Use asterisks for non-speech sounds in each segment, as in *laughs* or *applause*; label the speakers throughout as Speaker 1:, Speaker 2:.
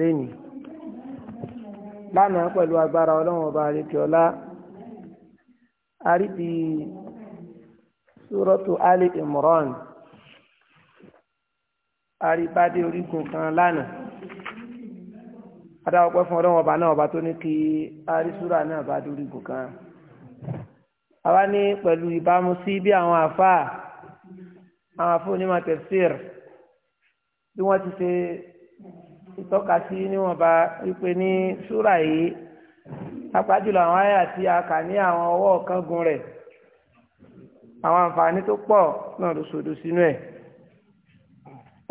Speaker 1: lẹ́nìí lánàá pẹ̀lú agbára ọlọ́run ọba àríkíọ́lá àríbi súrọ́tù Ali Imran àríbádé orígun kan lánàá adáwọ̀ pẹ́ fún ọlọ́run ọba náà ọba tó ní kí àrísúra náà bá dé orígun kan àwa ní pẹ̀lú ìbámu sí bí àwọn àfáà àwọn àfáà onímọ̀ tẹ̀síìr bí wọ́n ti ṣe ìtọ́ka sí níwọ̀nba wípé ní súrà yìí apájùlọ àwọn àyà tí a kà ní àwọn ọwọ́ kángun rẹ̀ àwọn àǹfààní tó pọ̀ náà ló sòdò sínú ẹ̀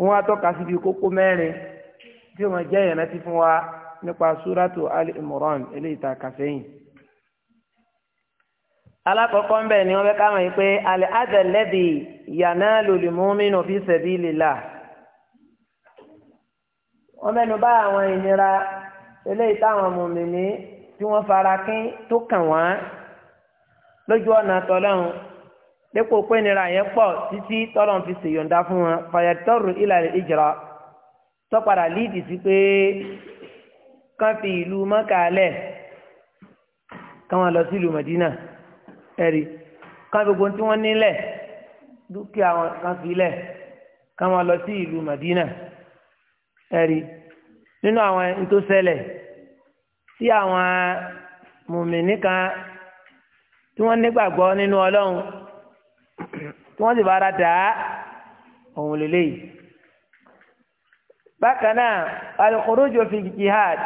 Speaker 1: wọ́n á tọ́ka síbi kókó mẹ́rin tí wọ́n jẹ́ ìrántí fún wa nípa súrátù Ali Imran eléyìí tá a kà sẹ́yìn alákọ̀ọ́kọ́ ni wọ́n fẹ́ ká mọ̀ yìí pé al-adha alladhi yanalu al-mu'minu fi sabilillah wọ́n mẹ́nu bá àwọn ìnira eléyìí táwọn mùmìnì tí wọ́n fara kín tó kàn wọ́n lójú ọ̀nà tọ́lọ́run dípò pé ìnira yẹn pọ̀ títí tọ́lọ́run fi ṣèyọ̀ǹda fún wọn fàyàtọ́rù ìlàlẹ̀ ìjìrà tọ́padà líìdì sí pé kán fi ìlú mọ́kàlẹ̀ káwọn lọ sí ìlú Mẹ̀dínà ẹ̀rí kán gbogbo tí wọ́n nílẹ̀ dúkìá wọn kán fi lẹ̀ káwọn lọ sí ìlú Mẹ̀dínà ẹ̀rí nínú àwọn tó ṣẹlẹ̀ sí àwọn mùmìnì kan tí wọ́n nígbàgbọ́ nínú ọlọ́run tí wọ́n sì bára dà á òun lélẹ́yìí. bákan náà al-khuruju fi jihad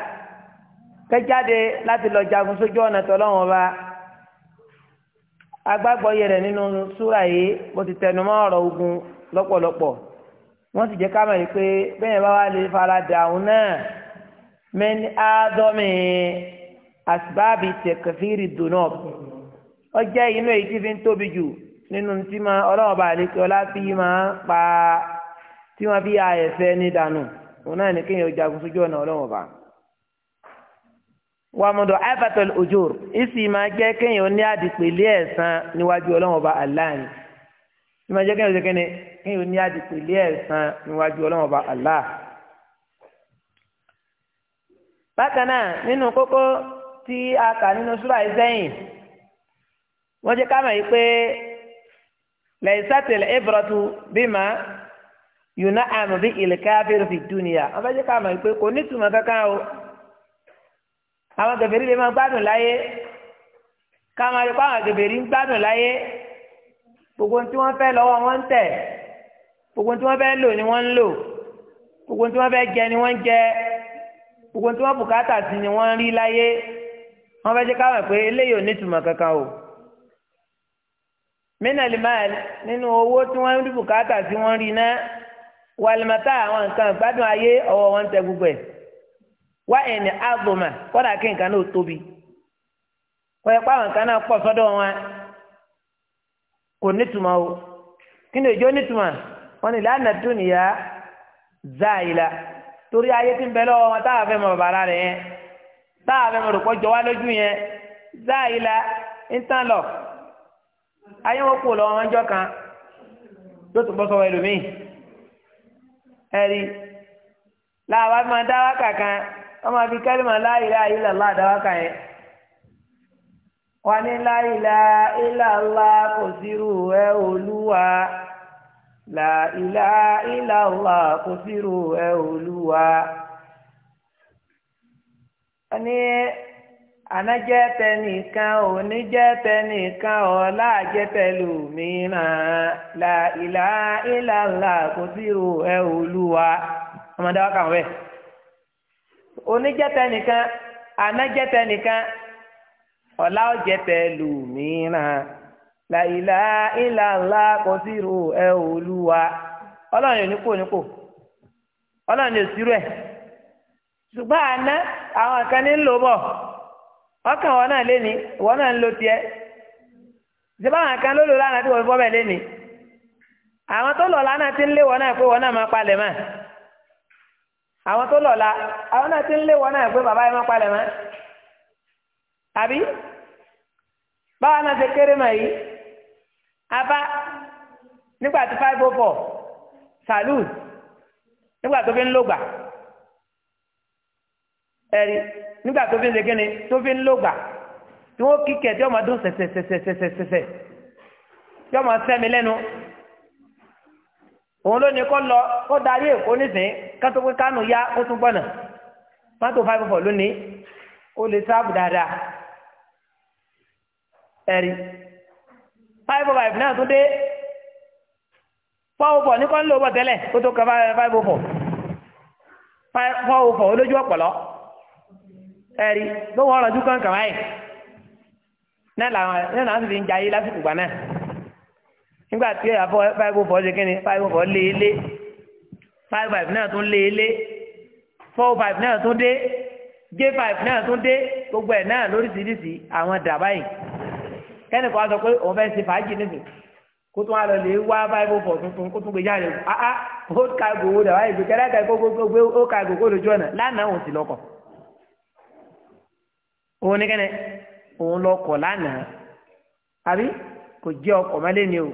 Speaker 1: kẹjáde láti lọ jagun sójú ọ̀nà tọ́lọ́wọ́n bá agbágbọ́ yẹrẹ nínú súra yìí mo ti tẹnumọ́ ọ̀rọ̀ ogun lọ́pọ̀lọpọ̀ wọ́n ti jẹ́ ká mọ̀ pé bẹ́ẹ̀ bá wà lè fara dàrún náà mẹ́ni áádọ́mì àsìbáàbì tẹ̀kẹ̀fìrì dùnà ó jẹ́ inú èyí tí fi ń tóbi jù nínú tí ma ọlọ́wọ́ bá lè kí ọlá fi máa pa tí wọ́n fi àyẹ̀fẹ́ ní dànù òun náà ní kéèyàn jagun sójú ọ̀nà ọlọ́wọ́ bá. wàmùdọ̀ àìfàtọ̀ òjò ìsì máa jẹ́ kéèyàn ní àdìpẹ̀lẹ́ ẹ̀san níwájú ọlọ́wọ́ bá aláàánú tí ma jẹ́ kí ẹ ṣe kíni kí ẹ ní àdìpọ̀ ilé ẹ̀sán níwájú ọlọ́run ọba Allah. bákan náà nínú kókó tí a kà nínú súrà yìí sẹ́yìn wọ́n jẹ́ ká mọ̀ yìí pé lẹ́yìnsátìlẹ̀ ìbùrọ̀tù bímọ yùnà àmì bí ìlẹ̀kẹ́ fi dúnìyà wọ́n fẹ́ jẹ́ ká yìí pé kò ní ìtumọ̀ kankan o àwọn gẹ̀fẹ̀rí lè máa gbádùn láyé ká máa pé àwọn gẹ̀fẹ̀rí ń gbádùn láyé gbogbo tí wọ́n fẹ́ lọ́wọ́ wọn ń tẹ̀ gbogbo tí wọ́n fẹ́ lò ni wọ́n ń lò gbogbo tí wọ́n fẹ́ jẹ ni wọ́n ń jẹ gbogbo tí wọ́n bùkátà sí ni wọ́n ń rí láyé wọ́n fẹ́ jẹ́ káwọn pé eléyìí ò ní ìtumọ̀ kankan o mínàlì máàlì nínú owó tí wọ́n ń rí bùkátà sí wọ́n rí náà wàlìmọ́tà àwọn nǹkan ìgbádùn ayé ọwọ́ wọn ń tẹ gbogbo ẹ̀ wá ẹ̀nì àgbọ̀mà kọ́dà kí nǹkan náà tóbi kọ́ ẹ̀ pé àwọn nǹkan náà pọ̀ sọ́dọ̀ wọn kò tuma o kí ni ìjọ nítumọ̀ wọn ni lánàá dùn níyà záàyìlá torí ayé ti ń bẹ lọ́wọ́ wọn táwọn afẹ́ mọ rẹ̀ yẹn táwọn jọ wá lójú yẹn lọ ayé wọn kò wọn jọ kan yóò tún bọ́ sọ́wọ́ ẹlòmíì ẹ̀rí làwọn kan máa fi kẹ́lí láàyè láàyè kan yẹn. wọn ní láìla ìlàlá kò sírù ẹ olúwa láìla ìlàlá kò sírù ẹ olúwa wọn ní ànájẹ́ tẹnìkan oníjẹ́ tẹnìkan ọ̀la jẹ́tẹ̀lù mìíràn láìla ìlàlá kò sírù ẹ olúwa ọmọdé wa kàn wẹ̀ oníjẹ́ tẹnìkan ànájẹ́ tẹnìkan. ọ̀la ọ̀jẹ̀ tẹ̀lú mìíràn làyìlá ìlà ńlá kò sí ru ẹ olúwa ọlọ́run yóò nípò ọlọ́run yóò sírú ẹ̀ ṣùgbọ́n àná àwọn kan ní ń lò bọ̀ ọkàn wọn náà léni wọn náà ń lo ṣùgbọ́n àwọn kan ló lò lánàá tí wọ́n fi léni àwọn tó ti ń lé wọn náà pé wọn náà máa palẹ̀ mọ́ àwọn tó lọ̀la àwọn náà ti ń lé wọn náà pé báwa náà ṣe kéré mọ̀ yìí abá nígbà tí five oh four salute nígbà tó fi ń lògbà ẹ̀rí nígbà tó fi ń ṣe kíni tó fi ń lògbà tí wọ́n kí kẹ̀ tí wọ́n máa dún sẹ̀sẹ̀sẹ̀sẹ̀sẹ̀ tí wọ́n máa sẹ́mi lẹ́nu òun ló ní kó lọ kó darí èkó nísìnyí kátó pé kánú yá kó tún gbọ́nà mọ́tò five oh four lónìí ó lè sáàbù dáadáa ẹ̀rí five oh five náà tún dé four oh four ní kọ́ ń lò bọ̀ tẹ́lẹ̀ kó tó kan five oh four four oh four olójú ọ̀pọ̀lọ́ ẹ̀rí ló wọ́n rànjú kan kàn báyìí náà làwọn náà làwọn sì fi ń jayé lásìkò gbà náà nígbà tí ẹ̀yà five oh four ṣe kí ni five oh four lé e five five náà tún lé e lé four five náà tún dé j five náà tún dé gbogbo ẹ̀ náà lóríṣiríṣi àwọn dàbáyìí kẹ́nìkan sọ pé òun fẹ́ ṣe fàájì níbi kó tún wá lè wá bible for tuntun kó tún gbé jáde ah ah old cargo wo dà wáyé gbẹkẹrẹ àgbà kó gbé old cargo kó lójú ọ̀nà lánàá òun sì lọkọ̀ òun ní kẹ́nẹ̀ òun lọkọ̀ lánàá àbí kò jẹ́ ọkọ̀ mọ́lẹ́ o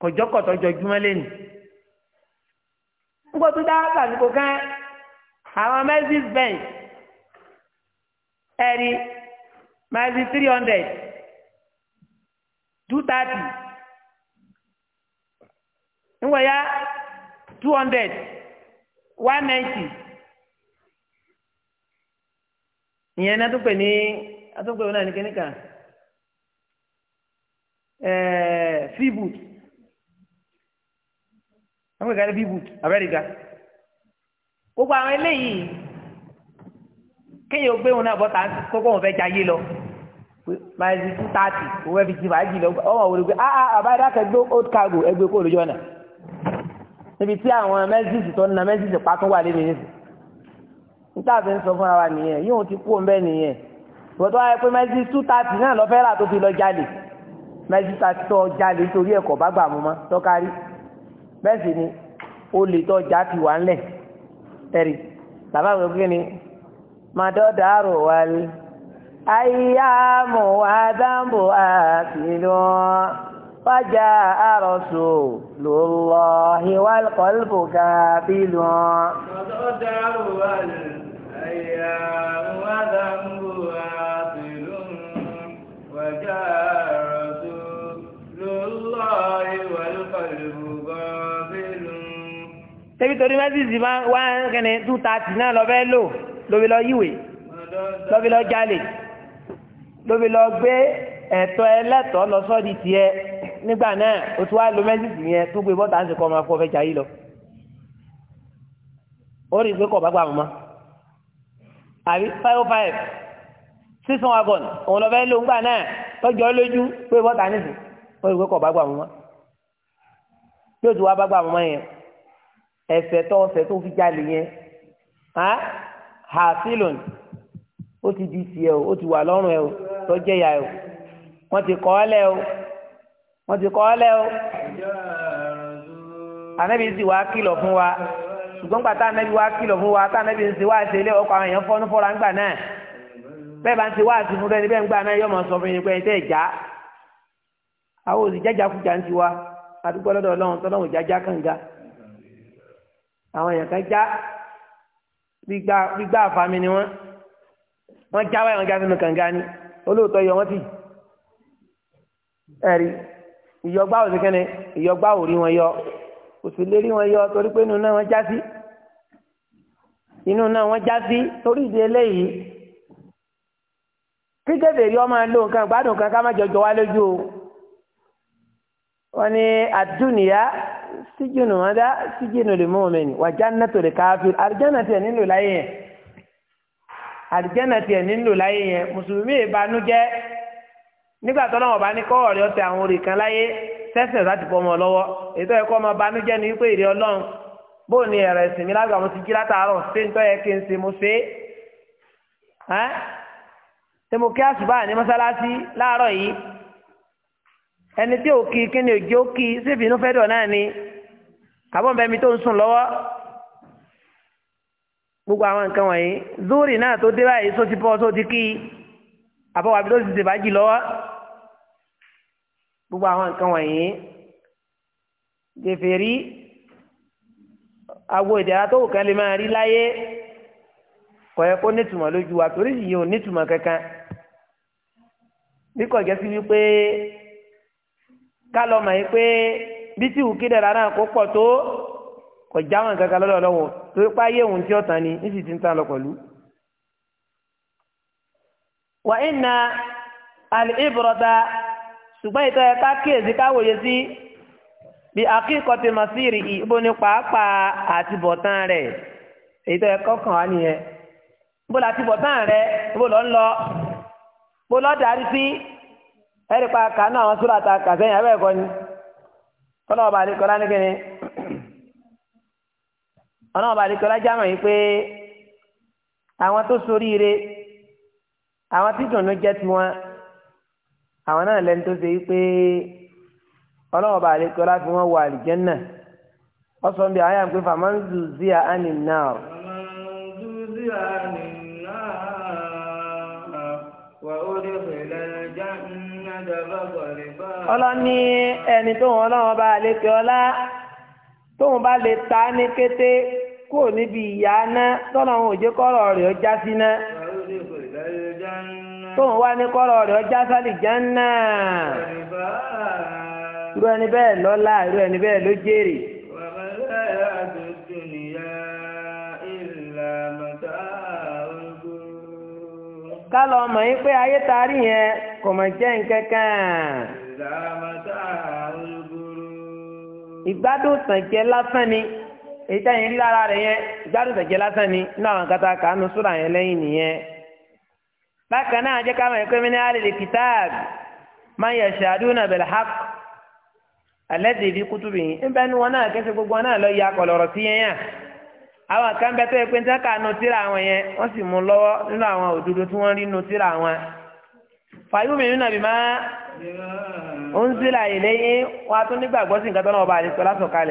Speaker 1: kò jọ́kọ̀ jọjú mọ́lẹ́ nígbà tó dá pàṣípò kan àwọn mercedes benz ẹ̀rí mercedes three hundred. two thirty ya two hundred one ninety ìyẹn náà tó pè ní atúpè wọn ní kíníkà ẹ̀ẹ́ eh, fíbùt wọ́n pè ní fíbùt abẹ́rẹ́gà gbogbo àwọn eléyìí kéèyàn gbé wọn náà bọ́ta kókó wọn fẹ́ jayé lọ. máìlì two thirty owó ẹbí ti fàájì lọ ọmọ wòlé pé ah, ah àbáyọ̀dá gbé old cargo ẹgbẹ́ kó lójú ọ̀nà níbi tí àwọn mẹ́sìsì tó ń na mẹ́sìsì pàtó wà lẹ́nu yìí níta fi ń sọ fúnra wa nìyẹn yóò ti kú ọ̀nbẹ́ nìyẹn ìwọ́tọ́ ayé pé mẹ́sìsì two thirty náà lọ́fẹ́ rà tó fi lọ jalè mẹ́sìsì thirty tó jalè torí ẹ̀kọ́ bá gbà mú mọ́ tọ́kárí bẹ́ẹ̀ sì ni olè tó já ti wà ńlẹ̀ ẹ̀rì bàbá mi kí ni màdọ́dàrò wálé. أيام وذنبها آكل فجاء رسول الله والقلب كافل
Speaker 2: تتداول الأيام وذنب آكل وجاء رسول الله والقلب كافل
Speaker 1: tẹ́bí torí mẹ́sìsì máa wá kẹ́ni 230 náà lọ bẹ́ẹ̀ lò lóbi lọ yíwèé lọ́bi lọ jálè lóbi lọ gbé ẹ̀tọ́ ẹlẹ́tọ́ lọ sọ́ọ̀dì tiẹ̀ nígbà náà o tún wá lo mẹ́sìsì yẹn tó gbé bọ́tà ń sèkọ́ ọmọ afọ fẹ́ jayé lọ ó rí i pé kọ̀ bá gbà mọ́ àbí five oh five six oh one wagon òun lọ fẹ́ ló ń gbà náà tọ́jọ́ lójú pé bọ́tà nìsí ó rí i pé kọ̀ bá gbà mọ́ tó tún wá bá gbà mọ́ yẹn ẹ̀sẹ̀ tó ọ̀sẹ̀ tó fi jalè yẹn ha sílùn ó ti di tiẹ̀ o ó ti wà lọ́rùn ẹ o tó jẹ́ ìyá ẹ o wọ́n ti kọ́ ọ lẹ́ o wọ́n ti kọ́ ọ lẹ́ o ànábì sì wá kìlọ̀ fún wa ṣùgbọ́n gbà tá ànábì wá fún wa tá ànábì ń ṣe wá ṣe ilé ọkọ̀ àwọn èèyàn fọ́nú fọ́ra ńgbà náà bẹ́ẹ̀ bá ń ṣe wá àti fún rẹ́ni bẹ́ẹ̀ ń náà yọmọ sọ fún yín pé ẹ tẹ́ àwọn òsì jájá kújà ń ti wa àdúgbò lọ́dọ̀ ọlọ́run tọ́lọ́run jájá àfàmì ni wọ́n wọ́n já wáyà wọn já sínú kànga ni olóòótọ́ yọ wọ́n tì ẹ̀rí ìyọgbá òsì kẹ́ni ìyọgbá òrí wọn yọ òsì lérí wọn yọ torí pé inú náà wọ́n já sí inú náà wọ́n já sí torí ìdí eléyìí kíkẹ́bẹ̀ rí ọmọ ló nǹkan gbádùn kan ká má jọjọ wá lójú o wọ́n ní àdúnìyá síjìnù wọn dá síjìnù lè mú omi wàjánà tó lè káfíìn àrùjánà tiẹ̀ nílò láyé yẹn àlìjẹ́nà tiẹ̀ nílò láyé yẹn mùsùlùmí ìbànújẹ́ nígbà tó náà wọ́n bá ní kọ́ ọ̀rẹ́ ọ̀tẹ̀ àwọn orí kan láyé sẹ́sìn láti bọ́ ọmọ lọ́wọ́ ètò ẹ̀kọ́ ọmọ banújẹ́ ni wípé ìrẹ́ ọlọ́run bó ni ẹ̀rọ ẹ̀sìn mi lágbà mo ti jí látàárọ̀ ṣé ń tọ́ yẹ kí n ṣe mo ṣe é ṣé mo kí àṣùbà ní mọ́sálásí láàárọ̀ yìí ẹni tí ò kí kí ni òjò kí síbi inú fẹ́ dọ̀ náà ni àbọ̀nbẹ́mi tó ń sùn lọ́wọ́ gbogbo àwọn nǹkan wọ̀nyí zuri náà tó dé báyìí só ti bọ́ só ti kí àbọ̀wá bí ló ti ṣèbájì lọ́wọ́ gbogbo àwọn nǹkan wọ̀nyí gèfèrí agbo ìdára tó wù kán lè máa rí láyé kò yẹ kó nítumọ̀ lójú wa torí yìí ò nítumọ̀ kankan bí kò jẹ́ sí wípé ká lọ mọ̀ yìí pé bí tí wù dára náà kó pọ̀ tó. kò jámọ́ nǹkan kan lọ́dọ̀ lọ́wọ́ torí pé òun tí ó tán ni ní sì ti ń tán lọ pẹ̀lú. wà ìnà àlìbùrọ̀ta ṣùgbọ́n ìtọ́ ẹ ká kíyèsí káwòye sí bí akíkọ̀tì masiri ìbò ní pàápàá àtibọ̀tán rẹ̀ èyí tó ẹ kọ́kàn wá nìyẹn bó la àtibọ̀tán rẹ̀ bó lọ ń lọ bó lọ darí sí ẹ̀rí pa kàánú àwọn sórí àtàkà abẹ́ẹ̀kọ́ ni kọ́lọ́ ọba àdékọ́lá ní kíni. ọlọ́run bá àdìkọ́ lájà mọ̀ yìí pé àwọn tó soríire àwọn tí dùnú jẹ́ tiwọn àwọn náà lẹ́nu tó ṣe wípé ọlọ́run bá àdìkọ́ láti wọ́n wọ àlìjẹ́nnà ọ̀sán bíi àyà ń pè fàmọ́ ń zù sí àánì náà. ọlọ́ni ẹni tóun ọlọ́run bá àdìkọ́ lá tóun bá lè ta ní kété kúrò níbi ìyá náà tọ́nà òun òjé kọ́rọ̀ rẹ̀ ọjà sí náà tóun wá ní kọ́rọ̀ rẹ̀ ọjà sálì jánà irú ẹni bẹ́ẹ̀ lọ́lá irú ẹni bẹ́ẹ̀ ló jèrè. ká lọ mọ̀ yín pé ayé tarí yẹn kò mọ̀ jẹ́ nǹkan kan. ìgbádùn sànjẹ́ lásán ni. èyí tẹ́yìn rí lára rẹ̀ yẹn ìgbádùn tẹ̀jẹ̀ lásán ni nínú àwọn kata kàánú sóra yẹn lẹ́yìn nìyẹn. bákan náà jẹ́ káwọn ẹ̀kọ́ mi ní àlèlè kìtáàbì máa yẹ ṣàdúnà bẹ̀rẹ̀ hàp alẹ́dẹ̀ ìdí wọn náà gbogbo wọn náà ya kọlọ̀rọ̀ sí yẹn yàn. àwọn kan bẹ tó yẹ pé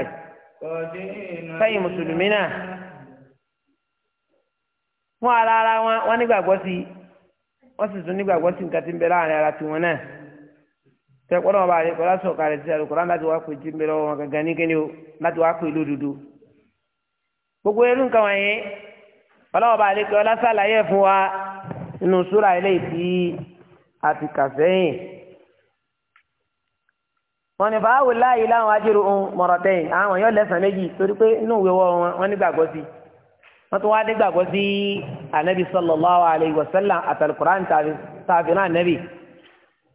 Speaker 1: a
Speaker 2: sẹ́yìn mùsùlùmí náà
Speaker 1: fún ara ara wọn wọn nígbàgbọ́ sí wọ́n sì tún nígbàgbọ́ sí nǹkan tí ń bẹ láàrin ara tiwọn náà tẹ́kọ̀ọ́ náà bá rí kọ́lá sọ̀kà rẹ̀ sí àlùkòrán láti wá pè tí ń bẹ lọ́wọ́ wọn gangan ní kíni o láti wá pè lódodo gbogbo irú nǹkan wọ̀nyí ọlọ́wọ́ bá rí kọ́lá sàlàyé fún wa nínú súrà ilé ìtì àtìkà sẹ́yìn wọn ni báwo láàyè láwọn ajírò ń mọ̀rọ̀tẹ́yìn àwọn yóò lẹ́sàn méjì torí pé inú ìwé wọn wọn ní gbàgbọ́ sí wọn tún wá dé gbàgbọ́ sí anabi sallallahu alayhi wa sallam àtàlùkùrán anabi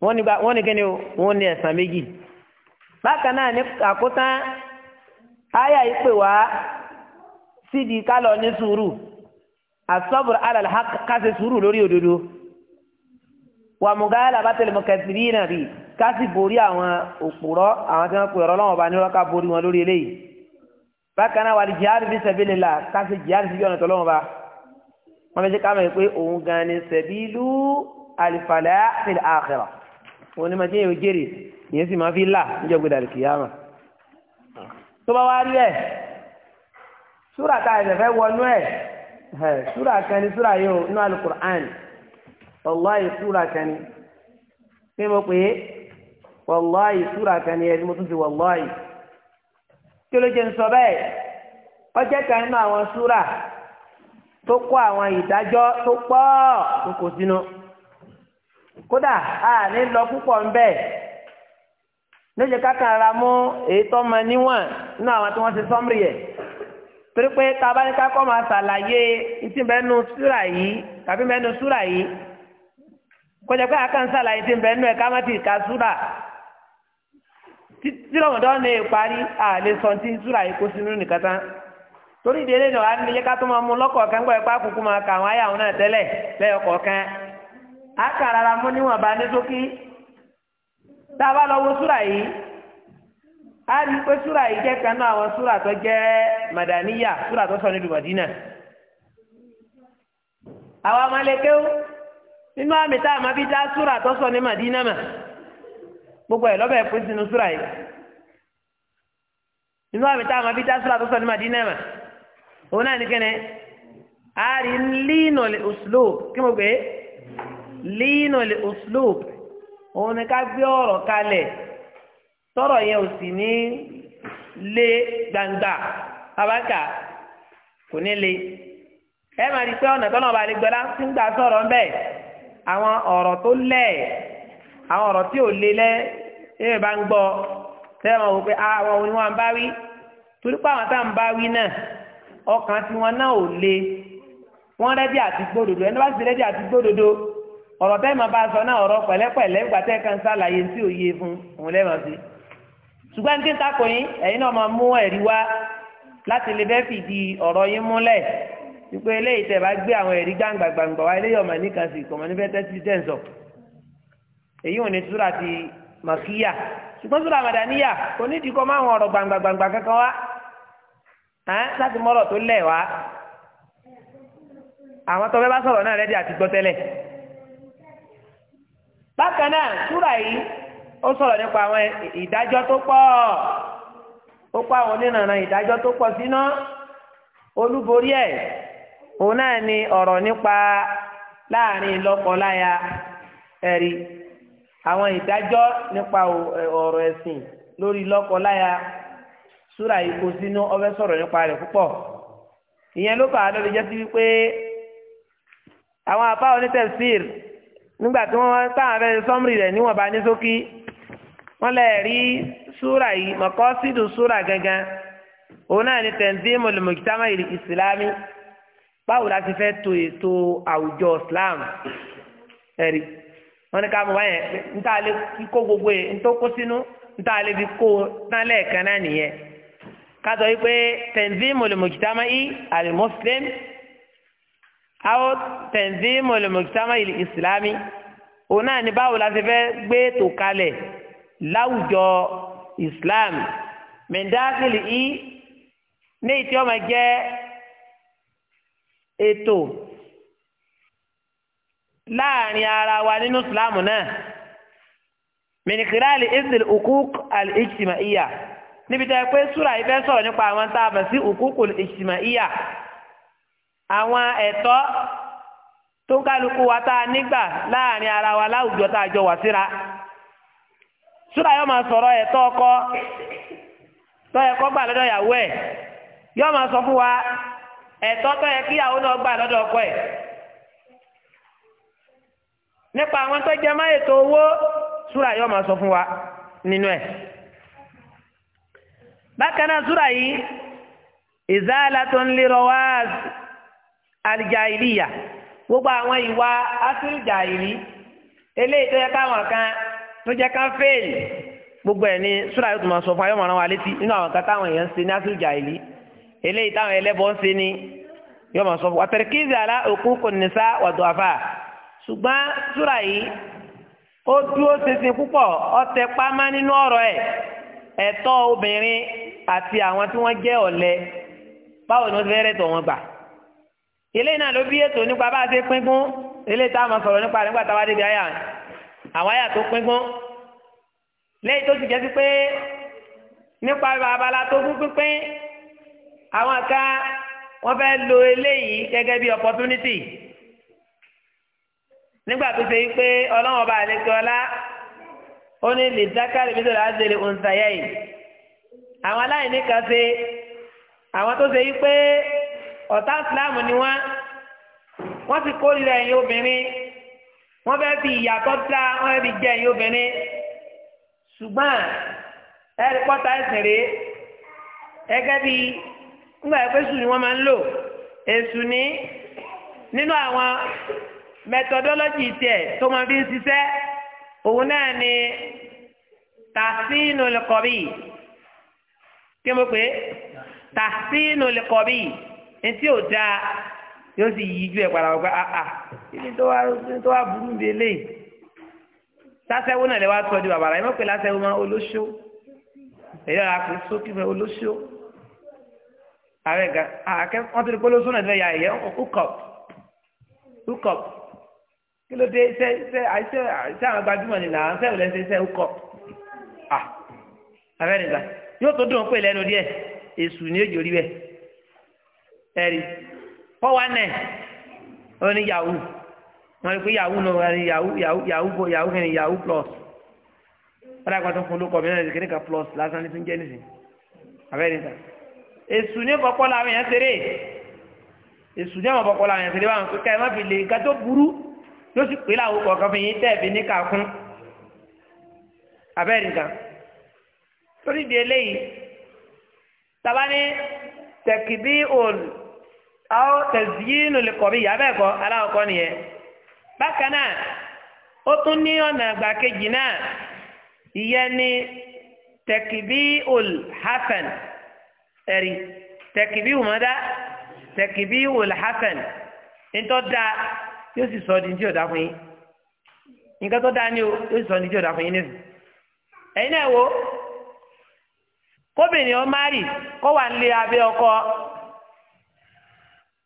Speaker 1: wọn ni kíni wọn ní ẹ̀sàn méjì bákan náà ní àkótán àyà yìí wá sídi kálọ̀ ní sùúrù asọ́bùrù alàlá kásẹ̀ sùúrù lórí òdodo wàmùgáyà làbátẹ̀lẹ̀mọ̀kẹ́sìrì ká sì borí àwọn òpùrọ́ àwọn tí wọ́n pè ọ̀rọ̀ ọlọ́wọ́n ọba nírọ́ ká borí wọn lórí eléyìí bákan náà wàlí jihad fi sabilillah ká sì jihad fi ọ̀nà tọ́lọ́wọ́n ọba wọ́n fi ṣe ká mọ̀ pé òun gan ni sabilu al-falah fil akhirah òun ni màá jẹ́ yóò jèrè sì máa fi là níjọ́ gbé dàrí kìyàmà tó bá wá rí ẹ̀ súrà tá ẹ̀sẹ̀ fẹ́ wọnú ẹ̀ súrà kẹni súrà yìí ó nínú al-Qur'an súrà kẹni pé mo pè é wàláyì súra kan ni ẹni mo tún ti wàláyì kí ló jẹ́ ń sọ bẹ́ẹ̀ ọjọ́ kan nínú àwọn súra tó kó àwọn ìdájọ́ tó pọ̀ tó kò sínú kódà a ní lọ púpọ̀ ń bẹ́ẹ̀ lóye kákan ara mú èyí tó mọ níwọ̀n nínú àwọn tí wọ́n ti sọ́mùrì yẹn torí pé tá a bá ní kákọ́ máa ṣàlàyé ìtì mẹ́nu súra yìí tàbí mẹ́nu súra yìí kọjá pé àkànṣàlàyé ti mẹ́nu ẹ̀ ká má ti kà súra. tí lọ́mọdọ́ ní ìparí àlè sọ tí zúra yìí kó sínú nìkan tán torí ìdílé náà á ní ká tó máa mú lọ́kọ̀ọ̀kan gbọ́ ipá kúkú máa kà náà tẹ́lẹ̀ lẹ́yọkọ̀ọ̀kan á kà rárá mú níwọ̀n bá ní a lọ wo yìí á rí i pé yìí jẹ́ kan náà àwọn sọ ní àwọn nínú àmì tá a máa fi dá sọ ní màdínà mà. gbogbo ẹ̀ lọ́bẹ̀ pín sínú súrà yìí nínú àmì tá a máa fi dá súrà tó sọ ní Madina mà òun náà ní kẹ́ni àárín líìnà lè uslub kí mo pè líìnà lè uslub òun ni ká gbé ọ̀rọ̀ kalẹ̀ tọ̀rọ̀ yẹn ò sì ní lé gbangba abáka kò ní lé ẹ máa rí i pé ọ̀nà tọ́nà ọba àlegbọ́lá ti ń gbà sọ̀rọ̀ ń bẹ̀ àwọn ọ̀rọ̀ tó lẹ̀ àwọn ọ̀rọ̀ tí ò lé lẹ́ ẹ̀ bá ń gbọ́ tẹ́ wọn wò pé ah, àwọn òní wọn bá wí torí pé àwọn táwọn bá wí náà ọkàn tiwọn náà ò lé wọn rẹ́dí àti gbódodo ẹni bá sì rẹ́dí àti gbódodo ọ̀rọ̀ tẹ́ máa bá sọ náà ọ̀rọ̀ pẹ̀lẹ́pẹ̀lẹ́ ìgbà tẹ́ kan sàlàyé tí ò yé e fún òun lẹ́mọ̀ sí ṣùgbọ́n ní kíńtà kò yín ẹ̀yin náà máa mú ẹ̀rí wá láti lè bẹ́ẹ̀ fìdí ọ̀rọ̀ yín múlẹ̀ wípé eléyìí tẹ̀ bá gbé àwọn ẹ̀rí gbàǹgbàǹgbà wá eléyìí ọ̀mà nìkan sì kọ̀mọ́ nífẹ̀ẹ́ tẹ́tí tẹ̀ ń sọ̀rọ̀ èyí ò ní súra ti màkíyà ṣùgbọ́n súra màdàníyà kò ma ìdíkọ́ máa wọn ha gbàǹgbàǹgbà kankan wá láti mọ́rọ̀ tó lẹ̀ wá àwọn tó fẹ́ bá sọ̀rọ̀ náà rẹ́dí àti gbọ́tẹ́lẹ̀. bákan náà súra yìí ó sọ̀rọ̀ nípa àwọn ìdájọ́ tó pọ̀ ó pa àwọn onínàánà ìdájọ́ tó pọ̀ síná àwọn ìdájọ́ nípa ọ̀rọ̀ ẹ̀sìn lórí lọ́kọ-láya súrà yìí sínú ọbẹ̀ sọ̀rọ̀ nípa rẹ̀ púpọ̀ ìyẹn ló bàa lórí jẹ́ sí wípé àwọn àbá onítẹ̀síìr nígbà tí wọ́n táwọn abẹ́rẹ́ sọ́mùrì rẹ̀ níwọ̀n bá ní sókí wọ́n rí súrà yìí mọ̀kọ́ sídùú súrà gangan òun náà ni ìsìlámì báwo la ti to ètò àwùjọ ẹ̀rí. wọ́n ní ká mọ̀ báyẹn níta lè kó gbogbo yìí níta kó sínú níta lè fi kó nálẹ̀ kan náà nìyẹn ká sọ wípé tanzimul mujtama'i al-muslim aw tanzimul mujtama'i al-islami òun náà ní báwo la ṣe fẹ́ gbé ètò kalẹ̀ láwùjọ islam mẹ́ńdáàkìlì yìí ní ìtí ọmọ jẹ́ ètò. láàrin ara wa nínú ìsìláàmù náà isil ukuk al iya níbi tẹ́ pé súra yìí fẹ́ nípa àwọn tá a bẹ̀ sí iya àwọn ẹ̀tọ́ tó kálukú wa tá a nígbà láàrin ara wa láwùjọ tá a jọ wà síra súra yóò ọkọ gbà sọ fún wa kíyàwó náà gbà ọkọ nípa àwọn tó jẹ máa ètò owó súrà yóò máa sọ fún wa nínú ẹ̀. bákan náà súrà yìí izalatun lirawaz aljahiliya gbogbo àwọn ìwà asìlìjàìlì eléyìí tó yẹ káwọn kan tó jẹ ká fèèlì gbogbo ẹ̀ ní súrà yóò tún máa sọ fún ayọ́mọ̀ ara wa létí nínú àwọn kan táwọn èèyàn ń ṣe ní asìlìjàìlì eléyìí táwọn ẹlẹ́bọ ń ṣe ní yóò máa sọ fún wa tẹ̀rẹ̀kìzì àlá òkú kò ní sá wàdùn àfà ṣùgbọ́n súrà yìí ó dúró ṣinṣin púpọ̀ ọtẹ pamá nínú ọ̀rọ̀ ẹ̀ ẹ̀tọ́ obìnrin àti àwọn tí wọ́n jẹ́ ọ̀lẹ báwo ni wọ́n ti fẹ́ rẹ̀ tọ̀ wọn gbà ilé náà ló bí ètò nípa bá a ṣe pínpín ilé tá a máa sọ̀rọ̀ nípa nígbà táwa débi àyà àwọn àyà tó pínpín lẹ́yìn tó ti jẹ́ sí pé nípa abala tó fún pínpín àwọn kan wọ́n fẹ́ lo eléyìí gẹ́gẹ́ bí opportunity nígbà tó ṣe pé ọlọ́wọ́n bá àlejò ọlá ó ní lè dákàlẹ̀ bí tòlá ṣe lè òǹtàyà yìí àwọn aláìní kan ṣe àwọn tó ṣe pé ọ̀tá ìsìláàmù ni wọ́n wọ́n ti kórìíra ẹ̀yin obìnrin wọ́n fẹ́ fi ìyàtọ̀ dá wọ́n fẹ́ fi jẹ́ ẹ̀yin obìnrin ṣùgbọ́n ẹ̀rí pọ́tà ẹ̀sìn rèé gẹ́gẹ́ bí ńgbà pé èṣù ni wọ́n máa ń lò èṣù ní nínú àwọn methodology tiẹ̀ tó máa fi ń òun náà ni tàṣínú lẹ́kọ̀ọ́bì kí mo pè é tàṣínú lẹ́kọ̀ọ́bì etí ò dáa yóò sì yíjú ẹ̀ padà wọ́pẹ́ àà ibi tó wá tó wá burú bíi eléyìí sásẹ́wó náà lè wá tọ́jú bàbá rẹ̀ ẹ má pè lásẹ́wó máa olóṣó èyí ọ̀rọ̀ àpè sókè fẹ́ olóṣó ààrẹ ga àkẹ́ wọ́n ti di polóṣó náà ti fẹ́ ya ẹ̀yẹ́ hook up hook up kí ló dé iṣẹ́ iṣẹ́ àìṣẹ́ àìṣẹ́ àwọn gbajúmọ̀ ni là ń fẹ́ òlẹ́ ṣe iṣẹ́ ọkọ̀ à abẹ́rẹ́ gbà yóò tó dùn pé lẹ́nu díẹ̀ èṣù ni yóò rí bẹ́ẹ̀ ẹ̀rí fọwọ́ nẹ̀ wọ́n ní yahoo wọ́n rí pé yahoo náà wọ́n ní yahoo yahoo yahoo yahoo kìíní yahoo plus wọ́n dàgbà tó fún olókọ̀ mìíràn ní kìíní kan plus lásán ní tó ń jẹ́ nìsín abẹ́rẹ́ gbà èṣù ní bọ́kọ́ làwọn yẹn ṣeré èṣù ní àwọn bọ́kọ́ làwọn yẹn ṣeré báwọn kẹ́kẹ́ má fi lè ga tó burú yóò sì pè láwọn kọ̀ọ̀kan fi yín tẹ́ẹ̀fì ní kàkún abẹ́rẹ́ nìkan torí di eléyìí taba ni tẹkibi ol awo tẹsiyinu le kọbi yabẹ kọ aláwọ kọ nìyẹn bákan náà ó tún ní ọ̀nà àgbàkejì náà ìyẹn ni tẹkibi ol hasan ẹ̀rí tẹkibi umada tẹkibi ol hasan ntọ́ da yóò sì sọ di ní tí yóò dá fún yín nǹkan tó dáa ni o yóò sì sọ di ní tí yóò dá fún yín nísìnyí ẹ̀yin náà wo kóbìnrin ọ márì kó wà nílé abẹ́ ọkọ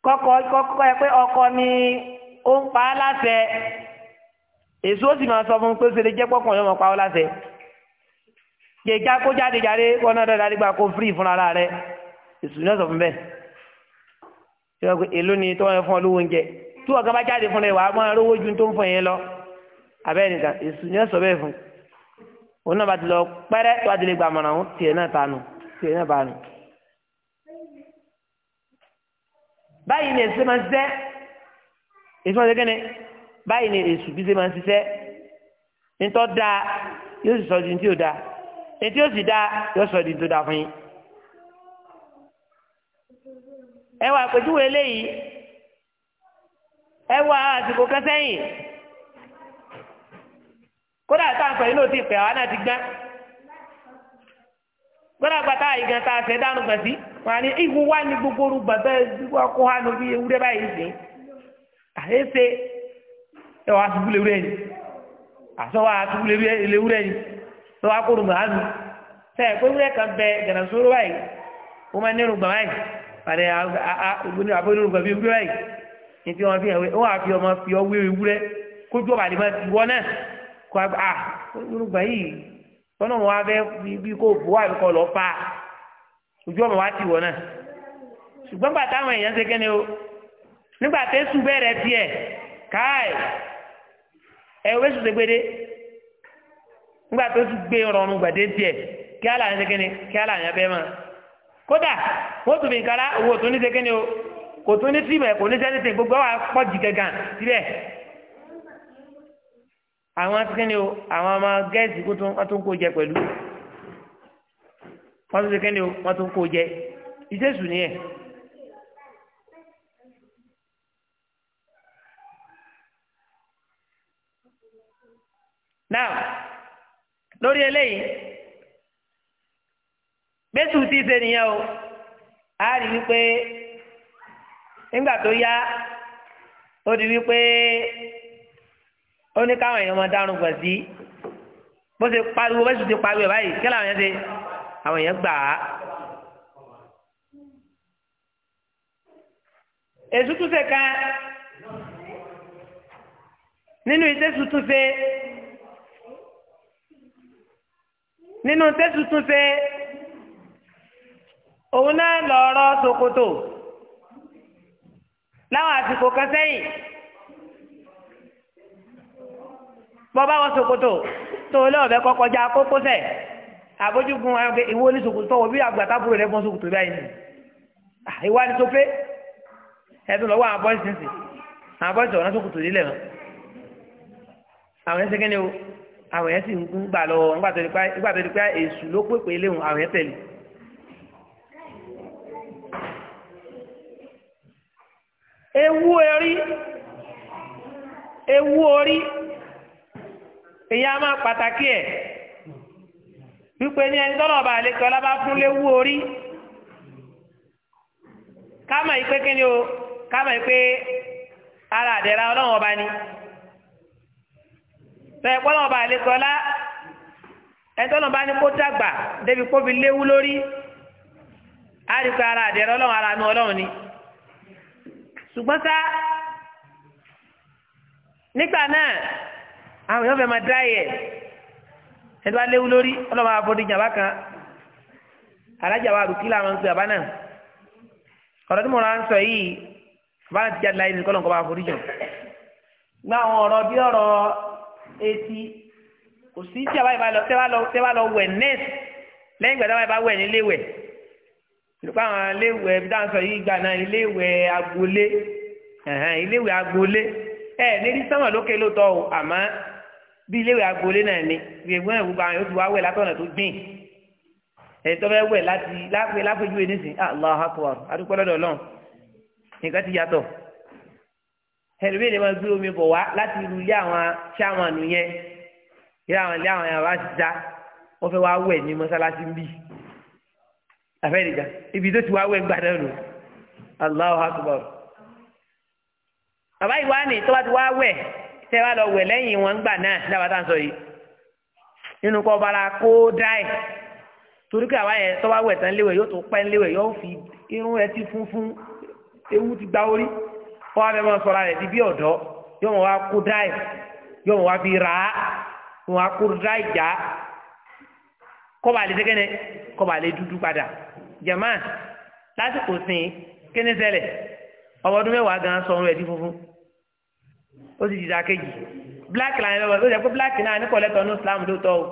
Speaker 1: kọkọ kọkọ ẹ pé ọkọ ni ó ń pa á láṣẹ èso sì máa sọ fún un pé ṣe lè jẹ́ pọ́kàn yóò máa pa ọ́ láṣẹ jẹjá kó jáde jáde kó náà dáadáa nígbà kó fírì fúnra rẹ èso náà sọ fún bẹ́ẹ̀ èló ni tọ́wọ́n fún ọ lówó oúnjẹ tí wọn kan bá jáde fún rẹ wàá máa rówó ju tó ń fún yẹn lọ abẹ́rẹ́ nìkan èsù ni sọ bẹ́ẹ̀ fún òun náà bá ti lọ pẹ́rẹ́ tó a ti lè gbà mọ̀ràn òun tiẹ̀ náà tanu tiẹ̀ náà bá nu. báyìí ni èsù máa ń ṣiṣẹ́ èsù máa ń ṣe kíni báyìí ni èsù bí ṣe máa ń ṣiṣẹ́ nítọ́ dáa yóò sì sọ di tí ò da ètí yóò sì dáa yóò sọ di tó dáa fún yín. ẹ wà àpèjúwe eléyìí. ẹ wá àsìkò kan sẹ́yìn kódà tá à ń sọ ló ti pè àwa náà ti gbẹ́ kódà gbàtà ìgàn tá a ṣe dánú gbà sí wọn ní ìwú wá ní gbogbo orú gbàtà ìwú akó há ní bí ewúrẹ́ báyìí àyè ṣe ẹ yìí àṣọ yìí sẹ́yìn pé kan bẹ ní tí wọ́n fi hàn wé wọ́n á fi ọmọ fi ọ wé ewúrẹ́ kójú ọba àlè máa ti wọ́n náà kó a ah olùgbà yìí tọ́nà wọn abẹ́ bí kò bó àbíkọ lọ pa ojú ọmọ wa ti wọ̀ náà ṣùgbọ́n gbà táwọn èèyàn ṣe kéne o nígbà tẹ́sù bẹ̀rẹ̀ tiẹ̀ káì ẹ̀wé sùn ṣègbédé nígbà tó sùn gbé ọ̀rọ̀rùn gbàdé tiẹ̀ kí á là ń ṣe kéne kí á là ń yàn bẹ́ẹ̀ mọ́ kódà wọ́n tún fi nǹkan owó tó ní ṣe kéne o kò tún ní tìmẹ̀ kò ní sẹ́ni tì gbogbo àwọn akpọ́jì gẹ̀gàn síbẹ̀ àwọn akíní o àwọn ọmọ gẹ́ẹ̀sì kó tún wọ́n tún kó jẹ pẹ̀lú wọ́n tún kíní o wọ́n tún kó jẹ ìṣèṣù nìyẹn. náà lórí eléyìí gbèsù ti ṣe nìyẹn o a rí wípé nígbà tó yá ó di wípé ó ní káwọn èèyàn máa dárun gbọ̀n sí bó ṣe pariwo bó ṣe ti pariwo ẹ̀ báyìí kí làwọn yẹn ṣe àwọn èèyàn gbà á. èsù tún ṣe kan nínú ìtẹ́sù tún ṣe nínú ìtẹ́sù tún ṣe òun náà lọ ọ̀rọ̀ ṣòkòtò láwọn àsìkò kan sẹ́yìn bọ́bá wọ ṣòkòtò tó lọ́ọ̀bẹ kọ́kọ́ já kókósẹ̀ àbójúgun ìwọ oníṣòkòtò tọwọ́ bí àgbàtàbúrò rẹ̀ bọ́ ṣòkòtò báyìí ni ìwà ni tó pé ẹ̀dùn lọ́wọ́ àwọn bọ́ọ̀sì sínsìn àwọn bọ́ọ̀sì ọ̀nà ṣòkòtò lílẹ̀ wọn àwọn yẹn ṣẹ́gẹ́ ni o àwọn yẹn sì ń gbà lọ́wọ́ nígbà tó di pé èṣù ló pépè léwu àwọn yẹn tẹ̀lé ewú orí ewú orí èyí á máa pàtàkì ẹ̀ wípé ní ẹni tọ́lọ̀ ọba àlejò ọlábá fún léwú orí kámà yìí pé kíni o kámà yìí pé ara àdẹ̀rà ọlọ́run ọba ni tọ́yẹ̀ pọ́lọ́ ọba àlejò ọlá ẹni tọ́lọ̀ ọba ni kó dàgbà débi kó fi léwú lórí á rí ara àdẹ̀rà ọlọ́run ara nu ọlọ́run ni ṣùgbọ́n ká nígbà náà àwọn èèyàn fẹ́ máa dá yẹ ẹni wá léwu lórí ọlọ́mọ àbọ̀dé ìjàmbá kan alájà wa àrùkí làwọn ń pè àbá náà ọ̀rọ̀ tí mo ra ń sọ yìí àbá náà ti jáde láyé nìkan lọ́nkọ́ bá àbọ̀dé jọ gba àwọn ọ̀rọ̀ bí ọ̀rọ̀ etí kò sí tí àbá yìí bá lọ tẹ́ bá lọ wẹ̀ nẹ́ẹ̀sì lẹ́yìn ìgbà tí àbá yìí bá wẹ̀ nílé wẹ̀ nípa àwọn iléèwé dáńsọ yìí gbà náà iléèwé agboolé iléèwé agboolé ẹ níbi sánmà lókè lóòótọ́ o àmọ́ bí iléèwé agboolé náà ni ìgbìmọ̀ náà gbogbo àwọn yóò ti wá wẹ̀ látọ̀nà tó gbìn ẹ̀tọ́ bẹ́ẹ̀ wẹ̀ láti láfẹ́ láfẹ́jú ẹ̀ nísìnyí Allahu Akbar adúgbò lọ́dọ̀ ọlọ́run nǹkan ti yàtọ̀ ẹlòmíì ni wọ́n gbé omi bọ̀ wá láti irú ilé àwọn sáwọn nìyẹn ilé àwọn ilé àwọn yàrá ti dá wọ́n fẹ́ wá wẹ̀ ní mọ́sálásí ń bì í àfẹ́nìjà ibi tó ti wá wẹ̀ gbàdá nù Allahu Akbar. bàbá ìwà ni tó bá ti wá wẹ̀ tẹ́ wá lọ wẹ̀ lẹ́yìn wọn gbà náà dábàá tá à ń sọ yìí nínú kọ́ bara kó dáì torí pé àwa yẹn tó bá wẹ̀ tán léwẹ̀ yóò tó pẹ́ léwẹ̀ yóò fi irun rẹ̀ ti funfun ewu ti gba orí kọ́ wa fẹ́ mọ sọ̀rọ̀ rẹ̀ di bí ọ̀dọ́ yóò mọ̀ wá kó dáì yóò mọ̀ wá fi rà á yóò mọ̀ wá kó dáì já kọ́ba lè dẹ́gẹ́nẹ́ kọ́ba lè dúdú padà jama lásìkò sìn kíni ṣẹlẹ̀ ọmọ ọdún mẹ́wàá gan sọ ọrùn ẹ̀ di funfun ó sì dìda kejì black line lọ́wọ́ ló jẹ́ pé black náà ní kọ̀lẹ́tọ̀ ní Islam ló tọ́ o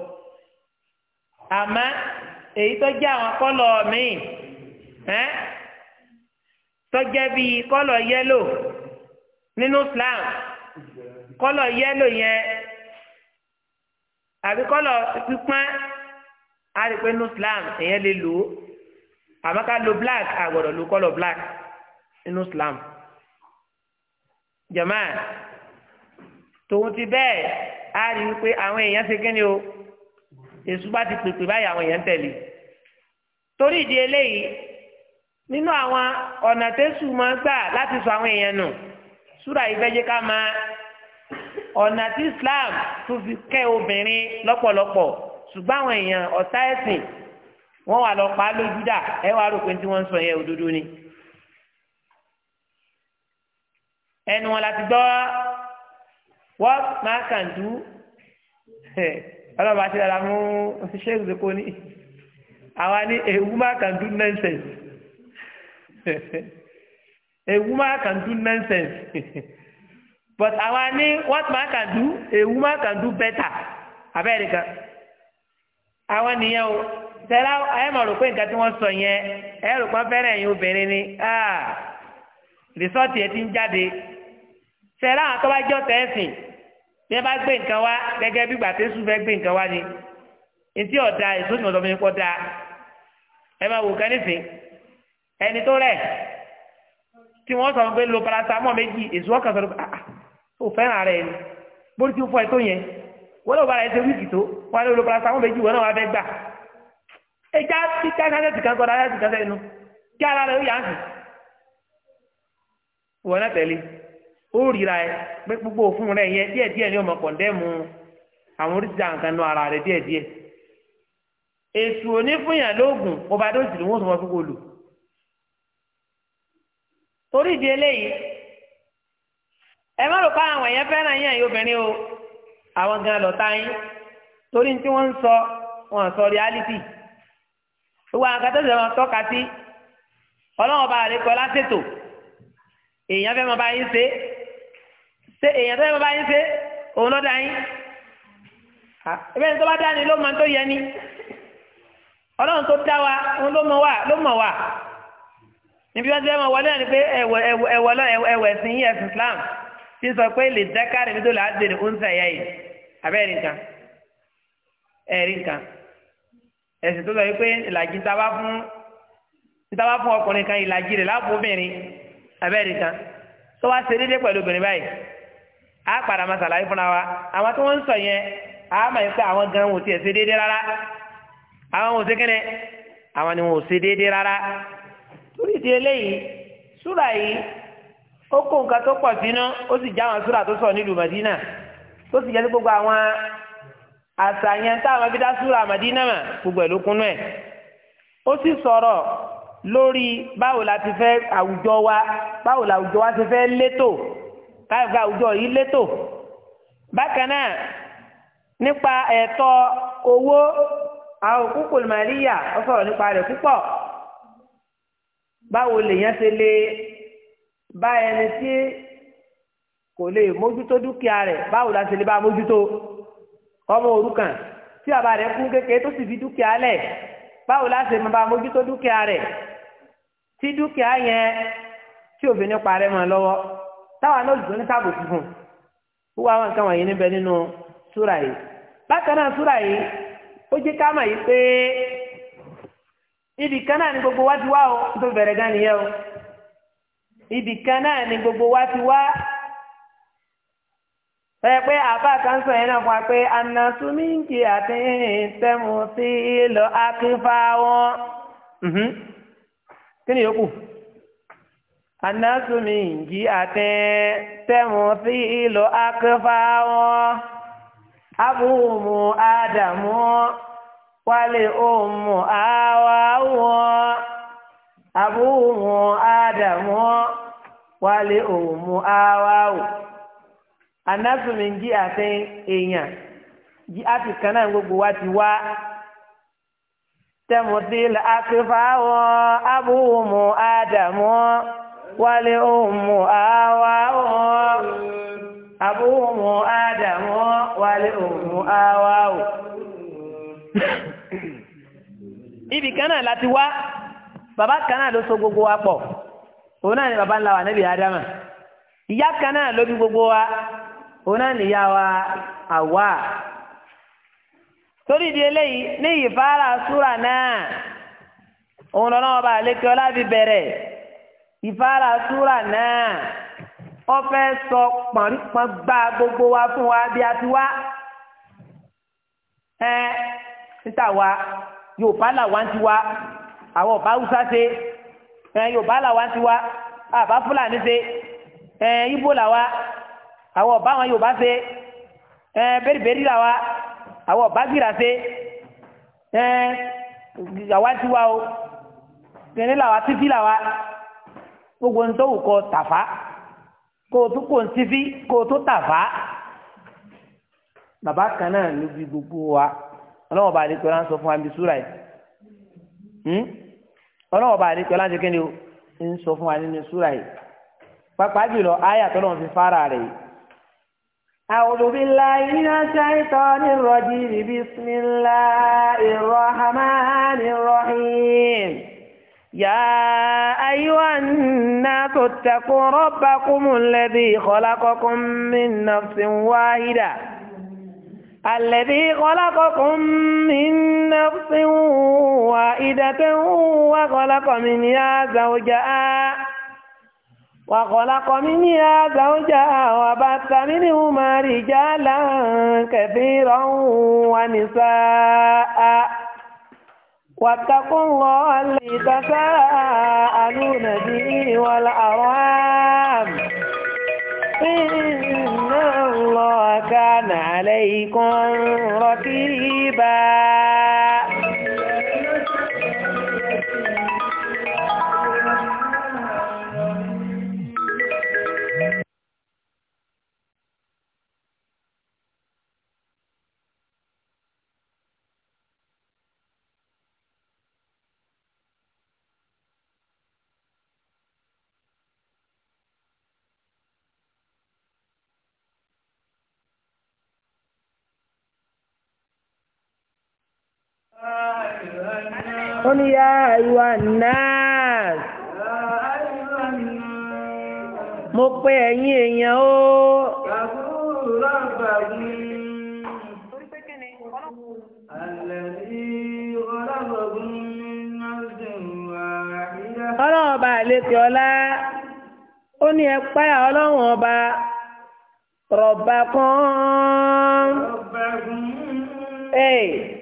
Speaker 1: àmọ́ èyí tó jẹ́ àwọn kọ́lọ̀ míì ẹ́ tó jẹ́ bíi kọ́lọ̀ yẹ́lò nínú Islam kọ́lọ̀ yẹ́lò yẹn àbí kọ́lọ̀ pípọ́n á rí i pé nínú Islam èyàn lè lò ó àmọ́ ká lo black àgbọ̀dọ̀ lo kọ́lọ̀ black nínú Islam jama tòun ti bẹ́ẹ̀ á rí i pé àwọn èèyàn ṣe kíni o èṣù bá ti pèpè báyìí àwọn èèyàn tẹ̀lé torí ìdí eléyìí nínú àwọn ọ̀nà tẹ́sù máa ń gbà láti sọ àwọn èèyàn nù súrà yìí fẹ́ ká máa ọ̀nà tí Islam tó fi kẹ́ obìnrin lọ́pọ̀lọpọ̀ ṣùgbọ́n àwọn èèyàn ọ̀tá ẹ̀sìn wọ́n wà lọ pa á lójú dà ẹ wá rò pé tí wọ́n ń sọ yẹn òdodo ni. ẹnu wọn láti gbọ́ wọ́n máa kàn dú ọlọ́ba ti dára mú ṣéèkì tó kó ní àwa ní ewu máa kàn dú nẹ́ńsẹ̀nsì ewu máa kàn dú nẹ́ńsẹ̀nsì but àwa ní what máa kàn dú ewu máa kàn dú bẹ́tà abẹ́rẹ́ kan àwa nìyẹn o tẹ́lá ayé máa rò pé nǹkan tí wọ́n sọ yẹn ẹ rò pé fẹ́rẹ̀ ẹ̀yin obìnrin ni ah, rìsọ́ọ̀tì ẹ̀ ti ń jáde tẹ́lá àwọn tó bá jọ tẹ́sìn bí ẹ bá gbé nǹkan wá gẹ́gẹ́ bí gbàtẹ́sù fẹ́ gbé nǹkan wá ni etí ọ̀dà èso ìmọ̀tọ́ mi kọ́ da ẹ máa wò kán nísìn ẹni tó rẹ̀ tí wọ́n sọ fún pé lo paracetamol méjì èso ọ̀kan sọ̀rọ̀ ó fẹ́ràn rẹ̀ ni bó ti fọ́ ẹ tó yẹn wọ́n lọ́ọ́ bára ẹ ṣe wíìkì tó wọ́n á lọ lo paracetamol méjì wọ́n náà wá fẹ́ gbà ẹja kíkà kásẹ̀tì kan kọ́ dáadáa inú kí ara rẹ̀ ó yà á sùn. wọ́n náà tẹ̀lé ó ríra ẹ pé gbogbo òfin rẹ̀ àwọn ara èsù òní fún yàn lóògùn ọba torí ìdí eléyìí ẹ má àwọn èèyàn fẹ́ràn yín obìnrin o àwọn gan lọ́ta torí tí wọ́n sọ wọn sọ gbogbo àwọn akatọ́ sẹ́wọ̀n tọ́ka sí ọlọ́wọ́n bá rẹ̀ kọ́ lásètò èèyàn fẹ́ mọ bá yín ṣe ṣe èèyàn fẹ́ mọ bá yín ṣe òun ló dá yín ẹbẹ́ ní tó bá dá ni ló mọ tó yẹ ni ọlọ́run tó dá wa òun ló mọ wa ló mọ wa níbi wọn ti fẹ́ mọ wọlé náà ni pé ẹwọ ẹwọ ẹwọ ẹwọ ẹ̀sìn yìí ẹ̀sìn Islam ti sọ pé lè dákàrẹ̀ mi tó oúnjẹ ẹ̀yà yìí abẹ́rẹ́ nǹkan ẹ̀rí nǹkan ẹ̀sìn tó sọ yìí pé ìlàjì ntaba fún ntaba fún ọkùnrin kan ìlàjì rẹ̀ láàbò obìnrin abẹ́rẹ́ kan tó wá ṣe déédéé pẹ̀lú obìnrin báyìí á padà máa ṣàlàyé fúnra wa àwọn tí wọ́n ń sọ yẹn á máa yẹ pé àwọn gan wò tiẹ̀ ṣe déédéé rárá àwọn wò ṣe kẹ́nẹ́ àwọn ni wò ṣe déédéé rárá torí ti eléyìí súrà yìí ó kó nǹkan tó pọ̀ sínú ó sì já àwọn súrà tó sọ nílùú Madina tó sì jẹ́ sí gbogbo àwọn àṣàyàn táwọn fi dá súra àmàdínà mà gbogbo ẹ̀ ló kúnú ẹ̀ ó sì sọ̀rọ̀ lórí báwo la ti fẹ́ àwùjọ wa báwo la àwùjọ wa ti fẹ́ létò káàkiri àwùjọ yìí létò bákan náà nípa ẹ̀tọ́ owó àwọn òkúkú màríyà ó sọ̀rọ̀ nípa rẹ̀ púpọ̀ báwo lèèyàn ṣe lè bá ẹni tí kò lè mójútó dúkìá rẹ̀ báwo la ṣe lè bá mójútó ọmọ òrukàn tí bàbá rẹ̀ kú kékeré tó sì fi dúkìá lẹ̀ báwo la ṣe máa mójútó dúkìá rẹ̀ tí dúkìá yẹn tí obìnrin parẹ́ mọ́ lọ́wọ́ táwa náà lùdó ní sábò fífún wúwo àwọn nǹkan wọ̀nyí níbẹ̀ nínú súra yìí bákan náà súra yìí ó jẹ́ ká mọ̀ yìí pé ibì kan náà ni gbogbo wa ti wá o tó bẹ̀rẹ̀ gan nìyẹn o ibì kan náà ni gbogbo wa ti wá ẹ pé àbá kan sọ yẹn náà fún wa pé anasuminki àti tẹmu sí lọ akínfà wọn mhm. kí ni yòókù anasuminki àti tẹmu sí lọ akínfà wọn abúmu ádámù wálé òmù àwa wọn abúmu ádámù wálé òmù àwa wọn anásùnmí ń jí àfin èèyàn jí àti kan náà gbogbo wa ti wá tẹmọtì àfífà wọn abúhùmù àdàmú wálé òmù àwa wọn abúhùmù àdàmú wálé òmù àwa wọn. ibì kan náà láti wá bàbá kan náà ló so gbogbo wa pọ̀ òun ni bàbá ńlá wa níbi àdámà ìyá kan náà ló gbogbo wa. òun náà nìyá wa àwa torí ìdí eléyìí ní ìfárá súrà náà òun lọ́nà ọba àlékè ọlá fi bẹ̀rẹ̀ ìfárá súrà náà ó sọ pọ̀npọ̀n gba gbogbo wa fún wa bí a ti wá ẹ níta wa Yorùbá làwa ń ti wá àwọn ọba Haúsá ṣe ẹ Yorùbá làwa ń ti wá àbá Fúlàní ṣe ẹ Ìgbò làwa. àwọn ọba àwọn yorùbá ṣe ẹ bẹ́rìbẹ́rì làwa àwọn ọba gbìrà ṣe ẹ àwa ti wá o tẹ̀lé làwa títí làwa gbogbo ń tó wù kọ tàfá kó o tó kó o títí kó o tó tàfá bàbá kan náà ló bí gbogbo wa ọlọ́wọ́n bá a lè tọ́lá ń sọ fún wa bí súra yìí hmm? ọlọ́wọ́n bá a lè tọ́lá ń sọ kí ni o ń sọ fún wa nínú súra yìí pàápàá jùlọ ayé àtọ́lọ́wọ́n fi fara rẹ̀ yìí. أعوذ بالله من الشيطان الرجيم بسم الله الرحمن الرحيم يا أيها الناس اتقوا ربكم الذي خلقكم من نفس واحدة الذي خلقكم من نفس واحدة وخلق منها زوجها وخلق منها زوجها وبث منهما رجالا كثيرا ونساء واتقوا الله الذي تساءلون به والأرام إن الله كان عليكم رقيبا Oni ní yá àyíwá náà mo pé ẹ̀yin èèyàn ó.
Speaker 2: ọlọ́run ọba àlejò ọlá
Speaker 1: ó ní ẹ ọlọ́run ọba rọ̀bà kan. Hey.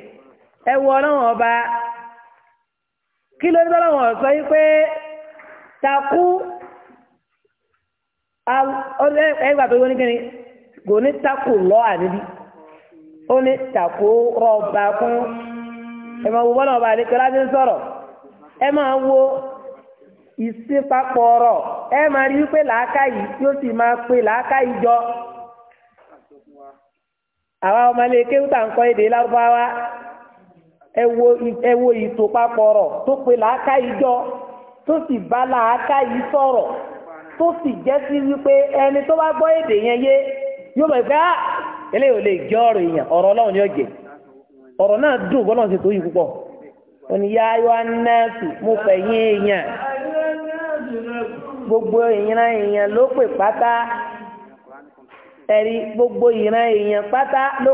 Speaker 1: Ewu wọ ọba kí ló dé ọlọ́wọ́n sọ yí pé takú ẹgbà tó kò ní takú lọ àníbí ó ní takú ọba kún ẹ máa wo ọba àdékọ́lá ti ń sọ̀rọ̀ ẹ máa ẹ máa rí wípé làákà yìí tí ó sì máa làákà yìí jọ àwa ọmọ ilé ń ẹ wo ìtò papọ̀rọ̀ tó pe làákà ìjọ tó sì bá làákà yìí sọ̀rọ̀ tó sì jẹ́ sí wípé ẹni tó bá gbọ́ èdè yẹn yé yóò mọ̀ pé ah ò lè jẹ́ ọ̀rọ̀ èèyàn ọ̀rọ̀ ọlọ́run ni ọ̀rọ̀ náà dùn gbogbo ìran èèyàn ló gbogbo ìran èèyàn pátá ló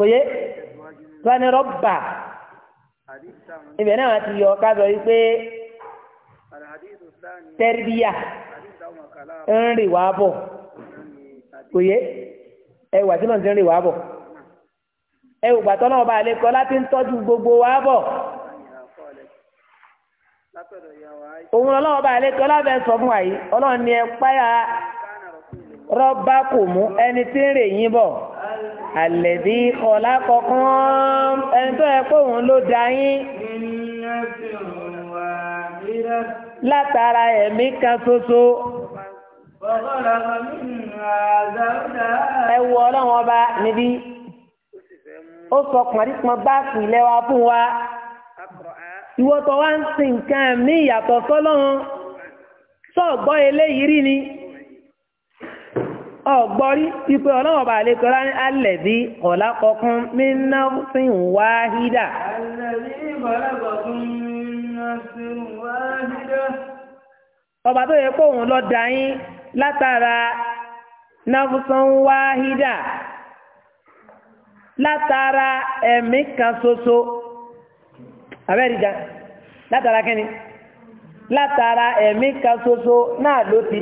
Speaker 2: kò yé tọ́ni rọ́bà
Speaker 1: ibẹ̀ náà ti yọ ká sọ wípé tẹ́rìbíyà ń rìn wá bọ̀ kò yé ẹwà tí náà ti ń rìn wá bọ̀ ẹwù gbàtọ́ náà bá lè kọ́ láti ń tọ́jú gbogbo wá bọ̀ òun ọlọ́wọ́ bá lè kọ́ lábẹ́ sọ fún wa yìí ọlọ́run ni ẹ páyà rọ́bà kò mú ẹni tí ń rìn yín bọ̀ àlẹ́dí ọ̀la kọ̀ọ̀kan ẹni tó yẹ pé òun ló dá yín. látara ẹ̀mí kan ṣoṣo.
Speaker 2: ẹ wo ọlọ́run ọba níbí
Speaker 1: ó sọ pọ̀nrípọ̀n báàkì ilẹ̀ wa fún wa ìwọ́tọ̀ wa ń sin nǹkan mí ìyàtọ̀ sọ́lọ́run sọ̀gbọ́n eléyìí rí ni. ọ̀gbọ́rí ipò ọlọ́wọ́ bá lè kọ́lá ní alẹ́bí ọ̀làkọ̀kún mínàfin wáhídà. ọba tó yẹ kó òun lọ dá látara náfúsán wáhídà látara ẹ̀mí kan soso abẹ́rìjà látara kẹ́ni látara ẹ̀mí kan soso náà ló ti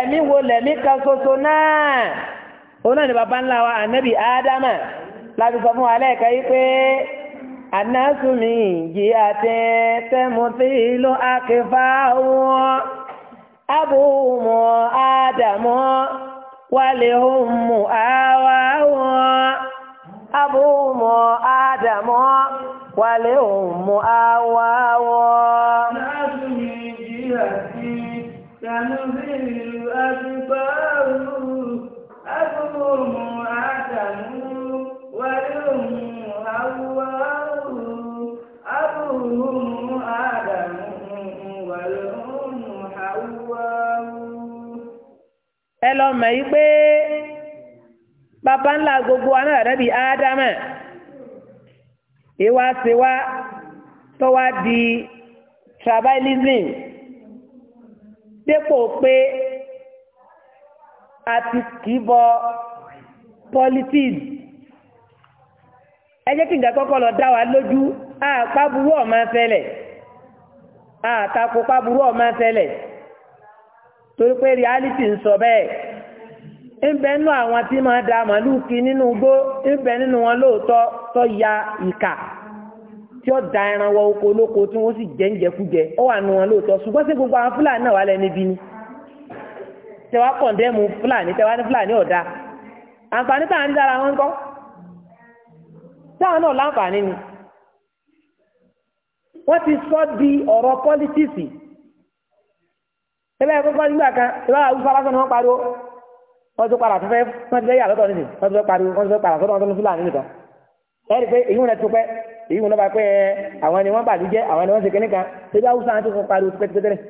Speaker 1: ẹ̀mí wo lẹ̀mí kan ṣoṣo náà òun náà ni bàbá ńlá wa ànábì ádámà láti sọ fún wa lẹ́ẹ̀ka yìí pé anásùmí ìjì àti tẹ́mùtí ló àkẹfà wọn abúmù ádámù wálé hùmù àwa wọn abúmù ádámù wálé hùmù àwa wọn.
Speaker 2: تهدي سنذل
Speaker 1: أكبارهم
Speaker 2: أكبر معتم ولهم هواه أبوهم آدم ولهم حواء
Speaker 1: ẹ lọ mọ̀ yí pé bàbá ńlá gbogbo àná rẹ̀ bíi ádámà ìwà sí wa tó wá di tribalism dépò pé a ti kì í bọ politics ẹ jẹ́ kí kọ́kọ́ lọ dá wa lójú àpáburú ọ̀ fẹ́lẹ̀ àtakò páburú ọ̀ fẹ́lẹ̀ torí pé reality ń sọ da kí nínú igbó ńbẹ nínú wọn ya ìkà. tí ó da ẹran wọ oko olóko tí wọ́n sì jẹ́ ń jẹkújẹ ó wà nù wọn lóòótọ́ ṣùgbọ́n sí gbogbo àwọn fúlàní náà wà lẹ́ni bí ni tẹwa kọ̀ndẹ́mù fúlàní tẹwa ní fúlàní ọ̀dà àǹfààní táwọn ń dára wọn kọ́ táwọn náà láǹfààní ni wọ́n ti sọ di ọ̀rọ̀ pọ́lítíìsì ẹgbẹ́ ẹ̀kọ́ kọ́ kan ìwà àwọn fúlàní wọn pariwo wọ́n ti padà tó wọ́n ti fẹ́ yà lọ́tọ̀ nídìí wọ́n ti fẹ́ pariwo wọ́n ti fẹ́ padà sọ́dọ̀ wọn tó ní fúlàní nìkan ẹ̀rí pé èyí wọn ti pẹ́ èyí wọn bá pẹ́ àwọn ni wọ́n bàlú jẹ́ àwọn ni wọ́n ṣe kẹ́nìkan ṣé bí haúsá àti fún pariwo pẹ́tẹ́pẹ́tẹ́rẹ́.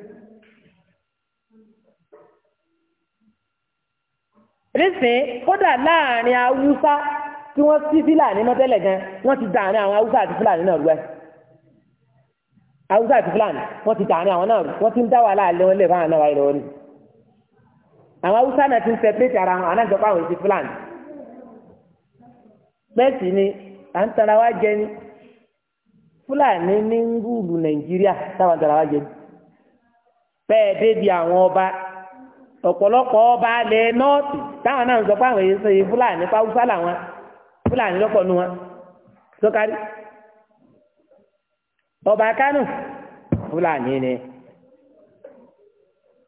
Speaker 1: nísìn kódà láàrin haúsá tí wọ́n sí fúlàní náà tẹ́lẹ̀ gan wọ́n ti dàárín àwọn haúsá àti fúlàní náà rú ẹ̀ haúsá àti fúlàní wọ́n ti dàárín àwọn náà rú wọ́n ti ń dá wàhálà alẹ́ wọn lè fáwọn náà wáyé lọ́wọ́ ni àwọn haúsá náà ti ń sẹpẹ́tì ara wọn àná ìjọba àwọn èsì fúlàní bẹ́ẹ̀ sì ni à ń tanra wá jẹ ni Fulani ní ń rúùlù nàìjíríà táwọn àtàrà wájẹ bẹ́ẹ̀ débi àwọn ọba ọ̀pọ̀lọpọ̀ ọba alẹ̀ nọ́ọ̀tì táwọn náà ń sọ fáwọn èyí sọyìn Fulani fáwùsá làwọn fúlàní lọ́pọ̀ nu wọn sọkárí ọba kánò Fulani ni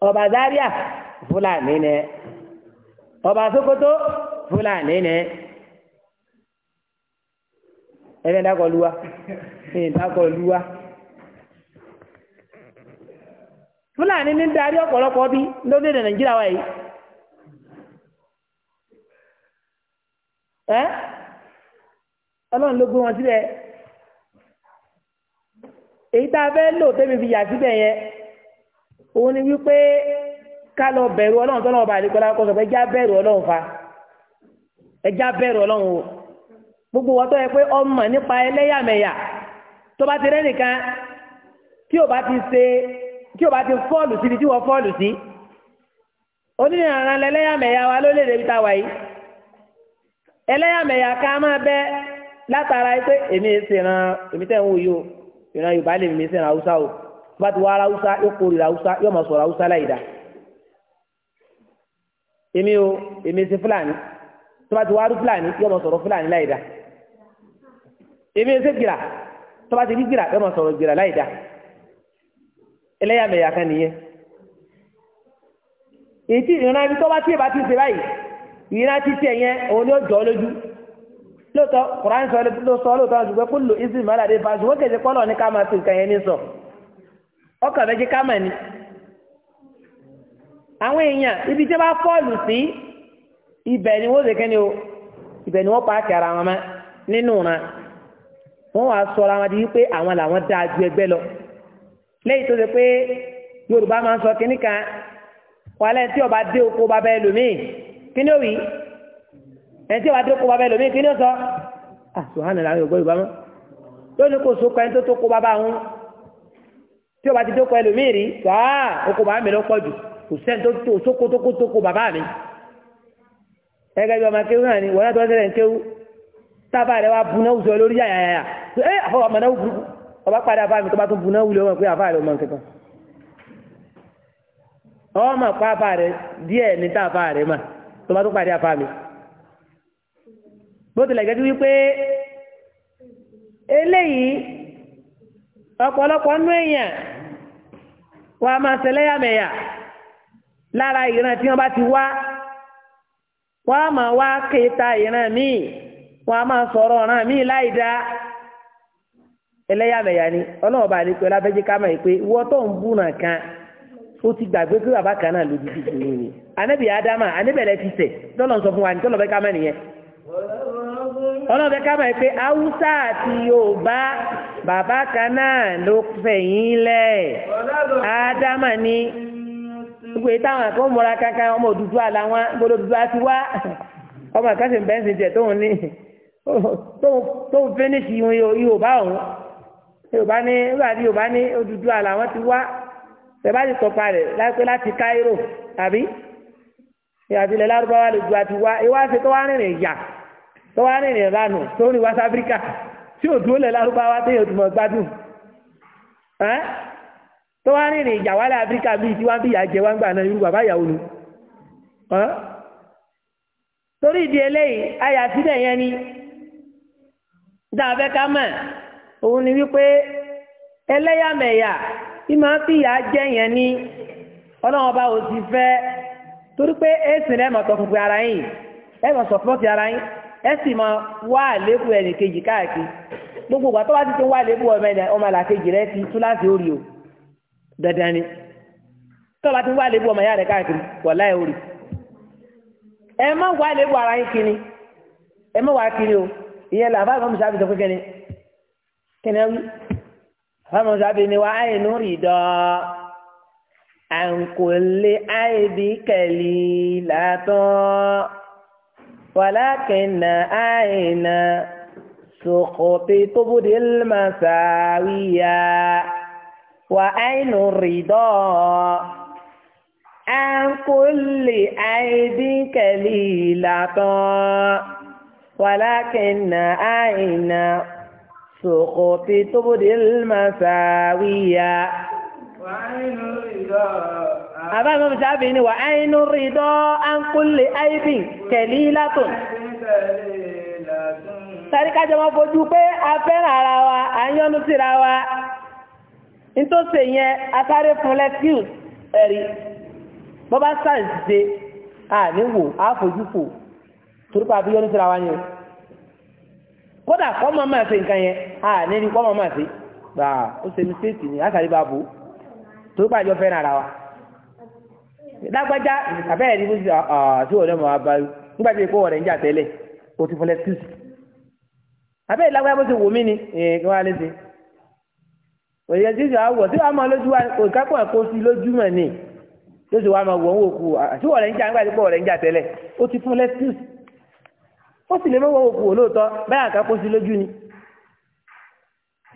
Speaker 1: ọba zaria Fulani ni ọba sokoto Fulani ni. ẹ̀rẹ́ dákọ̀lúwá ìdákọ̀lúwá fúlàní ní darí ọ̀pọ̀lọpọ̀ bí lórílẹ̀-èdè nàìjíríà wáyé ẹ́ ọlọ́run ló gbé wọn síbẹ̀ èyí tá a fẹ́ lò tẹ́mi fi yà síbẹ̀ yẹn òun ni wípé ká lọ bẹ̀rù ọlọ́run tọ́lọ́run kọ́sọ̀ bẹ̀rù ọlọ́run fa bẹ̀rù ọlọ́run o. gbogbo wọn tó yẹ pé ọmọ nípa ẹlẹ́yàmẹ̀yà tó bá ti rẹ́ nìkan tí o bá ti ṣe tí o bá ti fọ́ọ̀lù síbi tí wọ́n fọ́ọ̀lù sí onínàrà lẹ́lẹ́yàmẹ̀yà wa ló lè débi tá a wà yìí ẹlẹ́yàmẹ̀yà ká máa bẹ́ látara pé èmi ìsìnrán èmi tẹ̀ ń wò yìí o ìran Yorùbá lè mi ìsìnrán Haúsá o tó bá ti wá ara Haúsá yóò kórìíra Haúsá yóò máa sọ̀rọ̀ Haúsá láì dá èmi o èmi ìsìn Fúlàní tó bá ti wá rú Fúlàní yóò máa sọ̀rọ̀ Fúlàní láì dá. èmi ẹsẹ̀ gira tó bá ti rí gbìrà gira máa sọ̀rọ̀ ya láì dá ẹlẹ́yàmẹ̀yà kan nìyẹn ètí ìran ẹni tó bá tí ì bá ti ṣe báyìí ìran títí ẹ̀yẹn òun ni sọ ló sọ lóòótọ́ àwọn ṣùgbọ́n kúlò ìsìn mọ́ládé fa ṣùgbọ́n kèsì pọ́lọ̀ ní ká máa nǹkan yẹn ní wọ́n wàá sọra wọn di wípé àwọn làwọn dáa ju ẹgbẹ́ lọ lẹ́yìn tó ṣe pé yorùbá máa ń sọ kínní kan wàhálà ẹni tí ọba dé oko bàbá ẹlòmíì kí ni ó wí ẹni tí ọba dé oko bàbá ẹlòmíì kí ni ó sọ àtúhánà làwọn ògbó yorùbá mọ yóò ní kó so kọ ẹni tó tó ko bàbá òun tí ọba ti dé oko ẹlòmíì rí wàá ah, oko bàbá mi ló pọ̀ jù kò sẹ́ni tó tó sóko tó kó tó ko bàbá mi ẹgẹ́ bí ọmọ kéwú náà ni wọ́n náà tábà rẹ̀ wá buná wùsọ lórí yàyàyà ẹ eh, àfọwọ́ àmọ́ náà wù burúkú ọba padà àfáà mi tó bá tún buná wù lọ́wọ́ pé àfáà rẹ̀ ọmọ nǹkan kan ọwọ́ mà pa àfáà rẹ̀ díẹ̀ ní tá àfáà rẹ̀ mà tó bá tún pàdé àfáà mi bó tilẹ̀ gẹ́gẹ́ wípé eléyìí ọ̀pọ̀lọpọ̀ nú èèyàn wà máa ṣẹlẹ́yàmẹ̀yà lára ìran tí wọ́n bá ti wá wọ́n á máa wá kéta ìran míì wọn a máa sọ̀rọ̀ ọ̀ràn mí láì dá ẹlẹ́yàmẹ̀yà ni ọlọ́run bá lè pe ọlábẹ́jì kámẹ́ yìí pé wọ́n tó ń búnà kan ó ti gbàgbé pé bàbá kan adama ti sẹ tọ́lọ̀ sọ fún wa ní tọ́lọ̀ bẹ́ kámẹ́ nìyẹn ọlọ́run bẹ́ kámẹ́ yìí pé haúsá àti adama ni gbogbo yìí táwọn akọ́ mọ́ra ọmọ gbọdọ̀ àti wá ọmọ jẹ tó ń fẹ́nìṣì yorùbá ọ̀hún yorùbá ní nígbàdí yorùbá ní Odùduwà làwọn ti wá bẹ́ẹ̀ bá ti tọpa rẹ̀ lápẹ́ láti Cairo àbí ìyàbílẹ̀ lárúbáwá lè ju àti wá ìwá ṣe tó wá rìnrìn ìyà tó wá rìnrìn ìranù tó rìn West Africa tí ò dúró lẹ̀ lárúbáwá téèyàn tó mọ̀ gbádùn tó wá rìnrìn ìjà wálé Áfíríkà bíi tí wọ́n bí ìyà jẹ wọ́n gbà náà irú bàbá ìyàwó ni torí ìdí eléyìí ayà sílẹ̀ yẹn ni dàbẹ́ ká mọ̀ òun ni wípé ẹlẹ́yàmẹ̀yà tí máa fi ìyà jẹ́ yẹn ní ọlọ́run ọba ò torí pé ara yìí ẹ ara yìí ẹ sì mọ̀ wá ẹnì kejì káàkiri gbogbo ìgbà tó bá ti ti wá ọmọ ẹnì ni tó bá ti ọmọ rẹ káàkiri orí ẹ má ara yìí o. ìyẹn làbá àmọ́ sábì sọ pé kẹ́ni kẹ́ni ẹ wí àmọ́ sábì ni wà áyè nù rí dọ́ àǹkólé áyè bí kẹ̀lí làtọ́ wàlákìnà áyè nà sòkòtì tóbodè màsáwìyà wà áyè nù rí dọ́ àǹkólé áyè bí kẹ̀lí làtọ́. ولكن أين سقوط تبدي المساوية
Speaker 2: وعين الرضا
Speaker 1: أبا ما بتعبيني وعين الرضا عن كل عيب كليلة
Speaker 2: sáré kájọ máa fojú pé a fẹ́ràn ara wa a ń yọ́nú síra wa
Speaker 1: nítòsí yẹn asáré fún lẹ́kíùs ẹ̀rí bọ́bá sáà ń ṣe à níwò á fojú fò torípa àbí yọ́nú síra wá ní o kódà kọ́ máa máa ṣe nǹkan yẹn a níbi kọ́ máa máa ṣe gbà ó ṣe ní séètì ní àṣàrí bá bò torípa àjọ fẹ́ràn ara wa lágbájá àbẹ́rẹ́ ní bóṣù àti ọ̀rẹ́ mọ̀ abayú nígbà tí èkó ọ̀rẹ́ ń jà tẹ́lẹ̀ o ti fọlẹ́ skills àbẹ́rẹ́ lágbájá bó ṣe wò mí ni kí wọ́n á lé ṣe òye ṣíṣe àwọ̀ tí wàá máa lójú wa òǹkápọ̀ ẹ̀kọ́ sí lójú mọ̀ ni yóò ṣe wàá máa wọ̀ ń wò kú àti ọ̀rẹ́ ń jà nígbà tí èkó ọ̀rẹ́ ń jà tẹ́lẹ̀ o ti fọlẹ́ skills ó sì lè mọ́ wọn òkú olóòótọ́ báyà ká kó sí lójú ni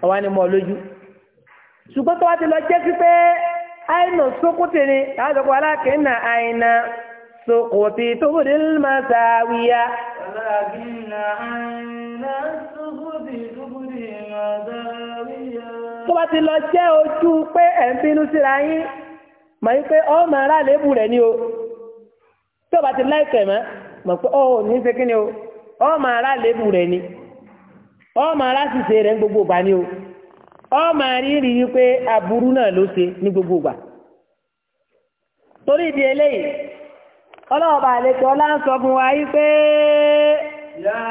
Speaker 1: ọwá ni mọ́ lójú ṣùgbọ́n tó wá ti lọ jẹ́ sí pé àìnà sókútì ni láàzọ́kọ̀ alákìnnà àìnà sókútì tó bòdì ńlá sàwíyá. tó bá ti lọ jẹ́ ojú pé ẹ̀ síra yín mọ̀ yín pé ọmọ aráàlú rẹ̀ ni o tó bá ti láìkẹ̀ mọ́ mọ̀ pé ọ̀ ní Ọ maara lébù rẹ ni sisere ara rẹ ní gbogbo ìgbà ni o maara rírì wípé aburú náà ló ṣe ní gbogbo torí ìdí eléyìí ọlọ́ọ̀bà àlejò ọlá ń fún wa wípé. يا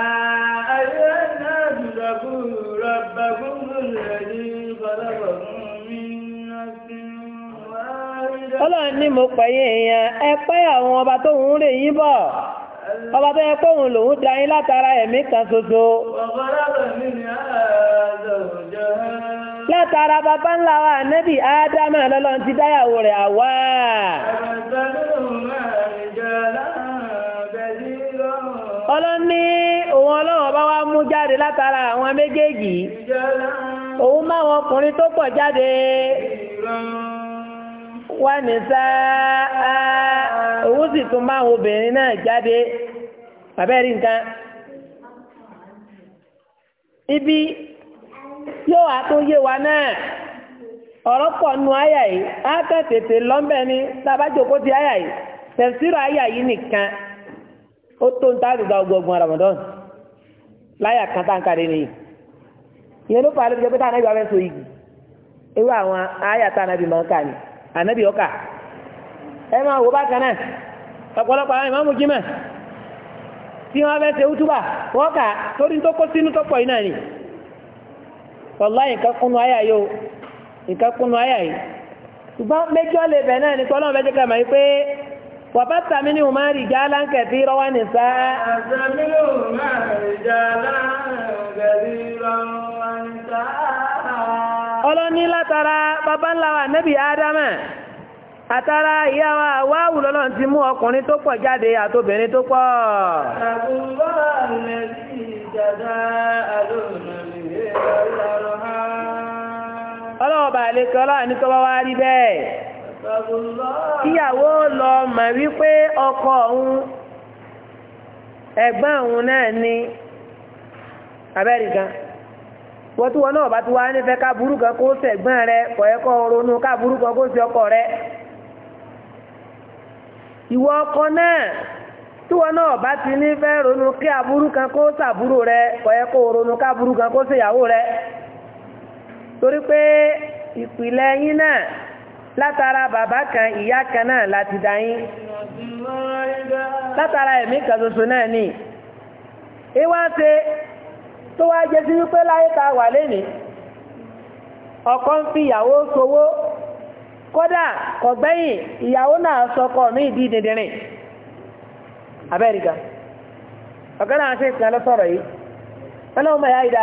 Speaker 1: أيها الناس ọba tó ń rè yín bọ̀. ọba tó yẹ pé òun lòun da yín látara ẹ̀mí kan ṣoṣo. látara bàbá ńlá wa nẹ́bì ádámà lọ́lọ́run ti dáyàwó rẹ̀ àwa. ọlọ́ni òun ọlọ́run bá wá mú jáde látara àwọn méjèèjì òun máa wọn ọkùnrin tó pọ̀ jáde. wani ní sáà sì tún máa obìnrin náà jáde àbẹ́rí nǹkan ibi yóò wá tó yé wa náà ọ̀rọ̀ pọ̀ nu àyà yìí á kẹ́ tètè ni ti àyà yìí tẹ̀síìrì àyà yìí nìkan ó tó ń táàdì gba Ramadan láyà kan tá n kàdé nìyí ìyẹn ló fà á lóbi pé so igi àwọn àyà ànábì ọkà ẹ máa wò bákan náà ọ̀pọ̀lọpọ̀ àwọn ìmáàmù jímọ̀ tí wọ́n fẹ́ ṣe útúbà wọ́n kà torí tó kó sínú tó pọ̀ iná ni wàláhì nǹkan kúnnú ayà yóò nǹkan kúnnú ayà yìí ṣùgbọ́n méjì ọ̀lẹ̀ bẹ̀ náà ni pọ́lọ́n fẹ́
Speaker 2: jẹ́
Speaker 1: ọlọ́ni látara bàbá babalawa wa nẹ́bì ádámà àtara ìyá wá wùlọ́lọ́ ti mú ọkùnrin tó pọ̀ jáde àtobìnrin tó pọ̀ ọlọ́wọ́ bà láàrin tó bá wá rí bẹ́ẹ̀
Speaker 2: ìyàwó lọ mọ̀
Speaker 1: wípé ọkọ òun ẹ̀gbọ́n wọ́n tí wọn náà bá ti wá nífẹ̀ẹ́ káburú kan kó sẹ̀gbọ́n rẹ kọ̀ẹ́kọ́ ronú káburú kan kó sí ọkọ rẹ ìwọ ọkọ náà wọn náà bá ti ronú kí aburú kan kó sàbúrò rẹ kọ̀ẹ́kọ́ ronú kan kó sèyàwó rẹ torí pé ìpìlẹ̀ yín náà látara bàbá kan ìyá kan náà láti dá yín látara ẹ̀mí kan ṣoṣo náà ni tó wá jẹ́ sí wípé láyé ta wà lénìí ọkọ ń fi ìyàwó sowó kódà kọ̀gbẹ́yìn ìyàwó náà sọkọ mí di dìndìnrìn abẹ́rìgà ọ̀gá náà ṣe ìsìn alọ́sọ̀rọ̀ yìí ya yìí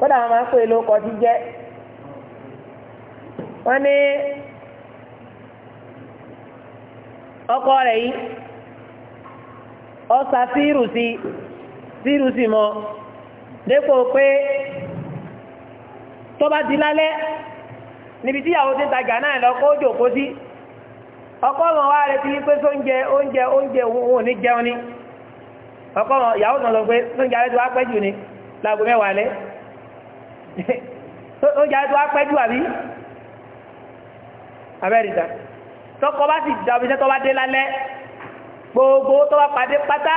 Speaker 1: kódà wọn máa ń ọkọ yìí tafsiru sì mọ́ dépò pé tó bá di lálẹ́ níbi tí ìyàwó ti ń tajà náà lọ kó jòkó sí ọkọ wọn wá retí pé sóúnjẹ oúnjẹ oúnjẹ òun ní jẹun ni ọkọ wọn ìyàwó kan sọ pé sóúnjẹ alẹ́ tó wá pẹ́ jù ni láago mẹ́wàá lẹ́ oúnjẹ alẹ́ *laughs* tó wá pẹ́ jù àbí abẹ́rìndà tọkọ bá sì dàbí iṣẹ́ bá dé lálẹ́ gbogbo tó bá padé pátá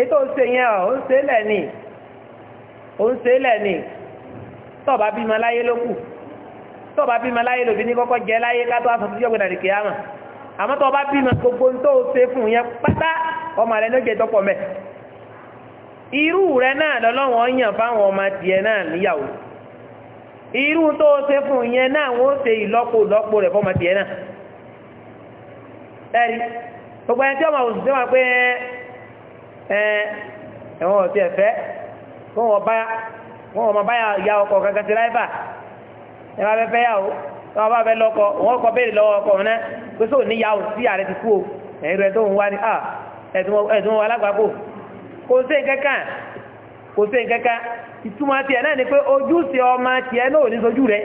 Speaker 1: ètò òṣè yẹn ọ̀ ń ṣe lẹ́ni ò ń ṣe lẹ́ni tọ́ọ̀bá bímọ láyé ló kù tọ́ọ̀bá bímọ láyé lòbí ní kọ́kọ́ jẹ́ láyé kátó aṣọ tíjọ́ gbẹ̀dà àmà àmọ́ gbogbo ń tó ṣe fún yẹn pátá ọmọ rẹ ló jẹ mẹ irú rẹ náà lọ́lọ́wọ́n yàn fáwọn ọmọ tiẹ̀ náà níyàwó irú tó ṣe fún yẹn náà wọ́n ṣe rẹ̀ fọ́mọ tiẹ̀ náà ẹ̀rí gbogbo tí ọmọ òṣìṣẹ́ pé ẹ̀wọ̀n ọ̀tí ẹ̀fẹ́ wọ́n wọ́n ma báyà ya ọkọ̀ kankan sí láìpà ẹ bá fẹ́ yà ó ẹ bá fẹ́ lọ́kọ̀ wọ́n kọ́ béèrè lọ́wọ́ ọkọ̀ náà pé sóò ní ya ò sí ààrẹ ti kú o ẹ̀yìn rẹ̀ tó ń wá ní à ẹ̀dùn wọn alágbàgbò kò sí nǹkankan kò sí nǹkankan ìtumọ̀ tiẹ̀ náà ni pé ojúṣe ọmọ tiẹ̀ náà ò ní sojú rẹ̀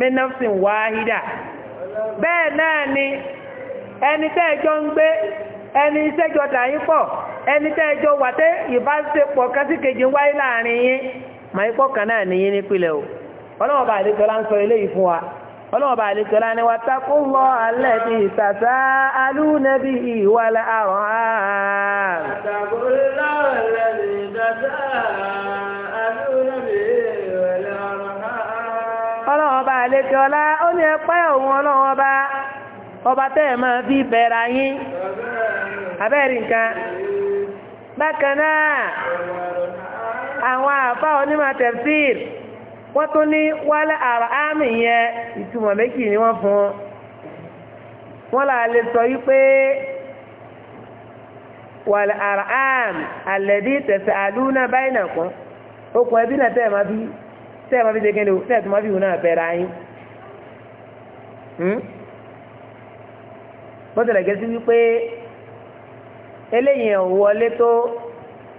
Speaker 1: mẹ́nàfsìn wahida bẹ́ẹ̀ náà ni ẹni tẹ́ẹ̀jọ ń gbé ẹni iṣẹ́jọ dàyín pọ̀ ẹni tẹ́ẹ̀jọ wà tẹ́ ìbáṣepọ̀ kásìkejì ń wáyé láàrin yín màá pọ̀ kan ni nìyí o ọlọ́wọ́ bá ń sọ fún wa ni wà ọlọ́run ọba àlejò ọlá ó ní ẹpẹ́ òun ọlọ́run ọba ọba tẹ́ ẹ̀ máa fi bẹ̀rẹ̀ yín abẹ́rì nǹkan bákan náà àwọn àfa onímọ̀ tẹ̀síìr wọ́n tún ní wálé àrà ámì yẹn ìtumọ̀ méjì ni wọ́n fún wọn là lè sọ yí pé wàlẹ àrà ámì àlẹ́dí tẹ̀sí àlùna báyìí nàkún okùn ẹbí náà tẹ́ ẹ̀ máa fi tẹ́ ẹ máa fi ṣe kéde o tẹ́ ẹ tó máa fi hùn náà fẹ́ ra yín. bó tilẹ̀ gẹ́ sí wípé eléyìí ẹ̀ wọlé tó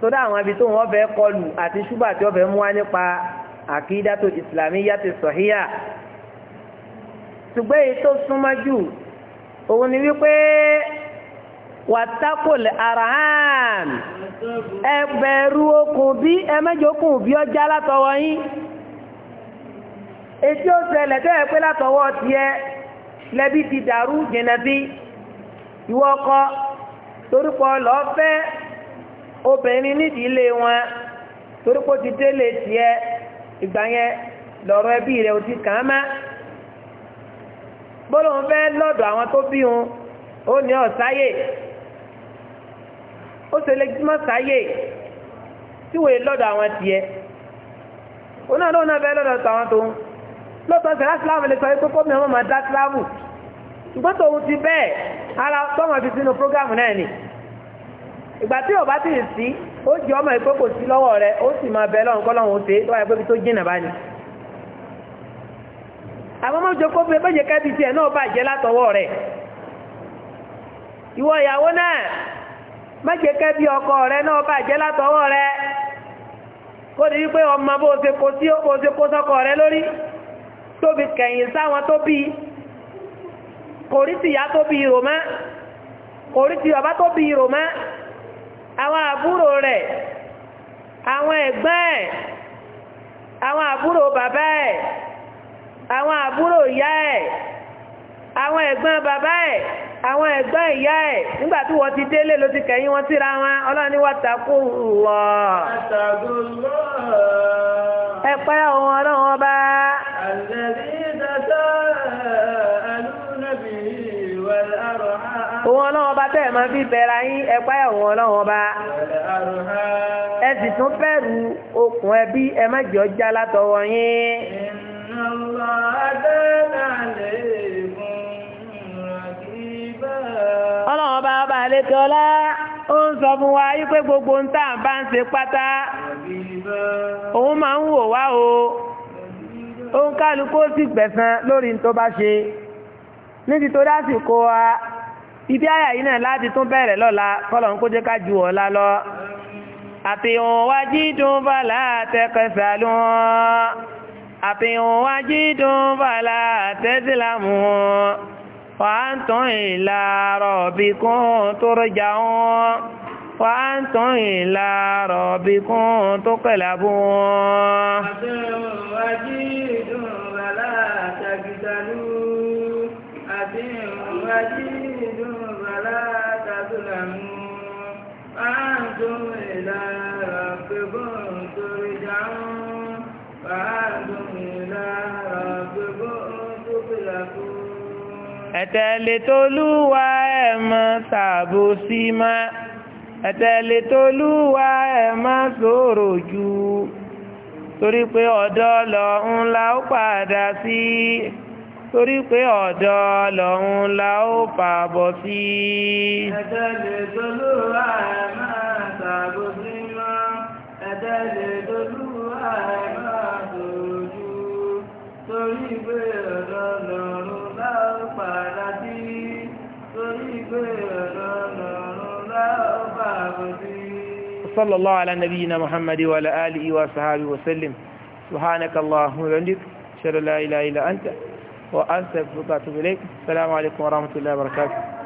Speaker 1: tó dá àwọn abi tó wọ́n fẹ́ kọlù àti ṣúgbà tí wọ́n fẹ́ mú wá nípa àkídàtò ìsìlámì yàtọ̀ sọ̀híyà. ṣùgbọ́n èyí tó súnmọ́ jù òun ni wípé wàtàkùlẹ̀ àràhàn ẹ okùn bí ẹ mẹ́jọ okùn bí ọjà látọwọ́ yín ètí ó ṣẹlẹ̀ tẹ́lẹ̀ pé látọwọ́ tiẹ̀ lẹ́bí ti dàrú jìnnà bí ìwọ ọkọ torípọ lọ́fẹ́ obìnrin nídìí ilé wọn torípọ ti délé tiẹ̀ ìgbà yẹn lọ́rọ̀ ẹbí rẹ̀ ò ti kàn án má bọ́lọ́hún fẹ́ lọ́dọ̀ àwọn tó bí wọn ó ní ọ̀sáyè ó ṣe lẹ́gbẹ́mọ́ sáyè tí wòye lọ́dọ̀ àwọn tiẹ̀ ó náà fẹ́ lọ́dọ̀ tàwọn tó ń lọ́tọ̀ sẹ̀rá síláàmù lè sọ pé kọ́mí ọmọ máa dá síláàmù ṣùgbọ́n tòun ti bẹ́ẹ̀ ara tọ́mọ̀ fi sínú prógámù náà ni ìgbà tí ọba ti sí ó jẹ́ ọmọ ìpé kò sí lọ́wọ́ rẹ ó sì máa bẹ lọ́run kọ́lọ́run ó ṣe tó wáyé pé tó jìnà bá ní àwọn ọmọ ìjọkọ́ pé méje kẹ́bí tiẹ̀ náà bàjẹ́ látọwọ́ rẹ̀ ìwọ ìyàwó náà méje kẹ́bí ọkọ rẹ̀ náà bàjẹ́ látọwọ́ rẹ̀ kó ní wípé ọmọ bó ṣe kó sí ó bó ṣe kó sọ́kọ rẹ̀ lórí tóbi fi kẹ̀yìn sáwọn tó bí kò rí ti ìyá tó bí irò mọ́ kò rí ti bàbá tó bí irò mọ́ àwọn àbúrò rẹ̀ àwọn ẹ̀gbọ́n ẹ̀ àwọn àbúrò bàbá ẹ̀ àwọn àbúrò ìyá ẹ̀ àwọn ẹ̀gbọ́n bàbá ẹ̀ àwọn ẹ̀gbọ́n ìyá ẹ̀ nígbà tí wọ́n ti délé ló ti kẹ̀yìn wọn síra wọn ọlọ́run ní wàtàkù lọ. ẹ pẹ́ ohun ọlọ́run ọba. ohun ọlọ́run ọba tẹ́ ẹ̀ máa fi bẹ̀rẹ̀ ayín ẹ sì tún okùn ẹbí ẹ má jọ já látọwọ́ yín. ọlọ́run ọba ọba àlékẹ́ ọlá ó ń sọ fún wa wípé gbogbo ń tà bá ń ṣe pátá òun máa ń wò wá o òun kálukó sì gbẹ̀san lórí tó bá ṣe níbi tó dásìkò wa ibi àyà yìí náà láti tún bẹ̀rẹ̀ lọ́la kọ́lọ̀ ń kó jẹ́ ká ju ọ̀la lọ àfihàn wájí dùn bàlá tẹ́kẹsà ló wọn àfihàn wájí dùn bàlá tẹ́sílámù wọn. وأنتم إلى ربكم ترجعون وأنتم إلى ربكم تقلبون
Speaker 2: وجيد ولا تقتلوا وجيد ولا تظلموا وأنتم إلى ربكم ترجعون وأنتم إلى
Speaker 1: ẹ̀tẹ̀lẹ̀ tolúwa ẹ̀ mọ́ ṣàbòsí mọ́ ẹ̀tẹ̀lẹ̀ tolúwa ẹ̀ mọ́ sọ̀rọ̀ jù torí pé ọ̀dọ̀ lọ́hún la ó padà sí torí pé ọ̀dọ̀ lọ́hún la ó fàbọ̀ sí. ẹ̀tẹ̀lẹ̀
Speaker 2: tolúwa ẹ̀ mọ́ ṣàbòsí mọ́ torí pé ọ̀dọ̀ lọ́hún.
Speaker 1: صلى الله على نبينا محمد وعلى آله وصحابه وسلم سبحانك اللهم وبحمدك أشهد أن لا إله إلا أنت وأنت وأتوب إليك السلام عليكم ورحمة الله وبركاته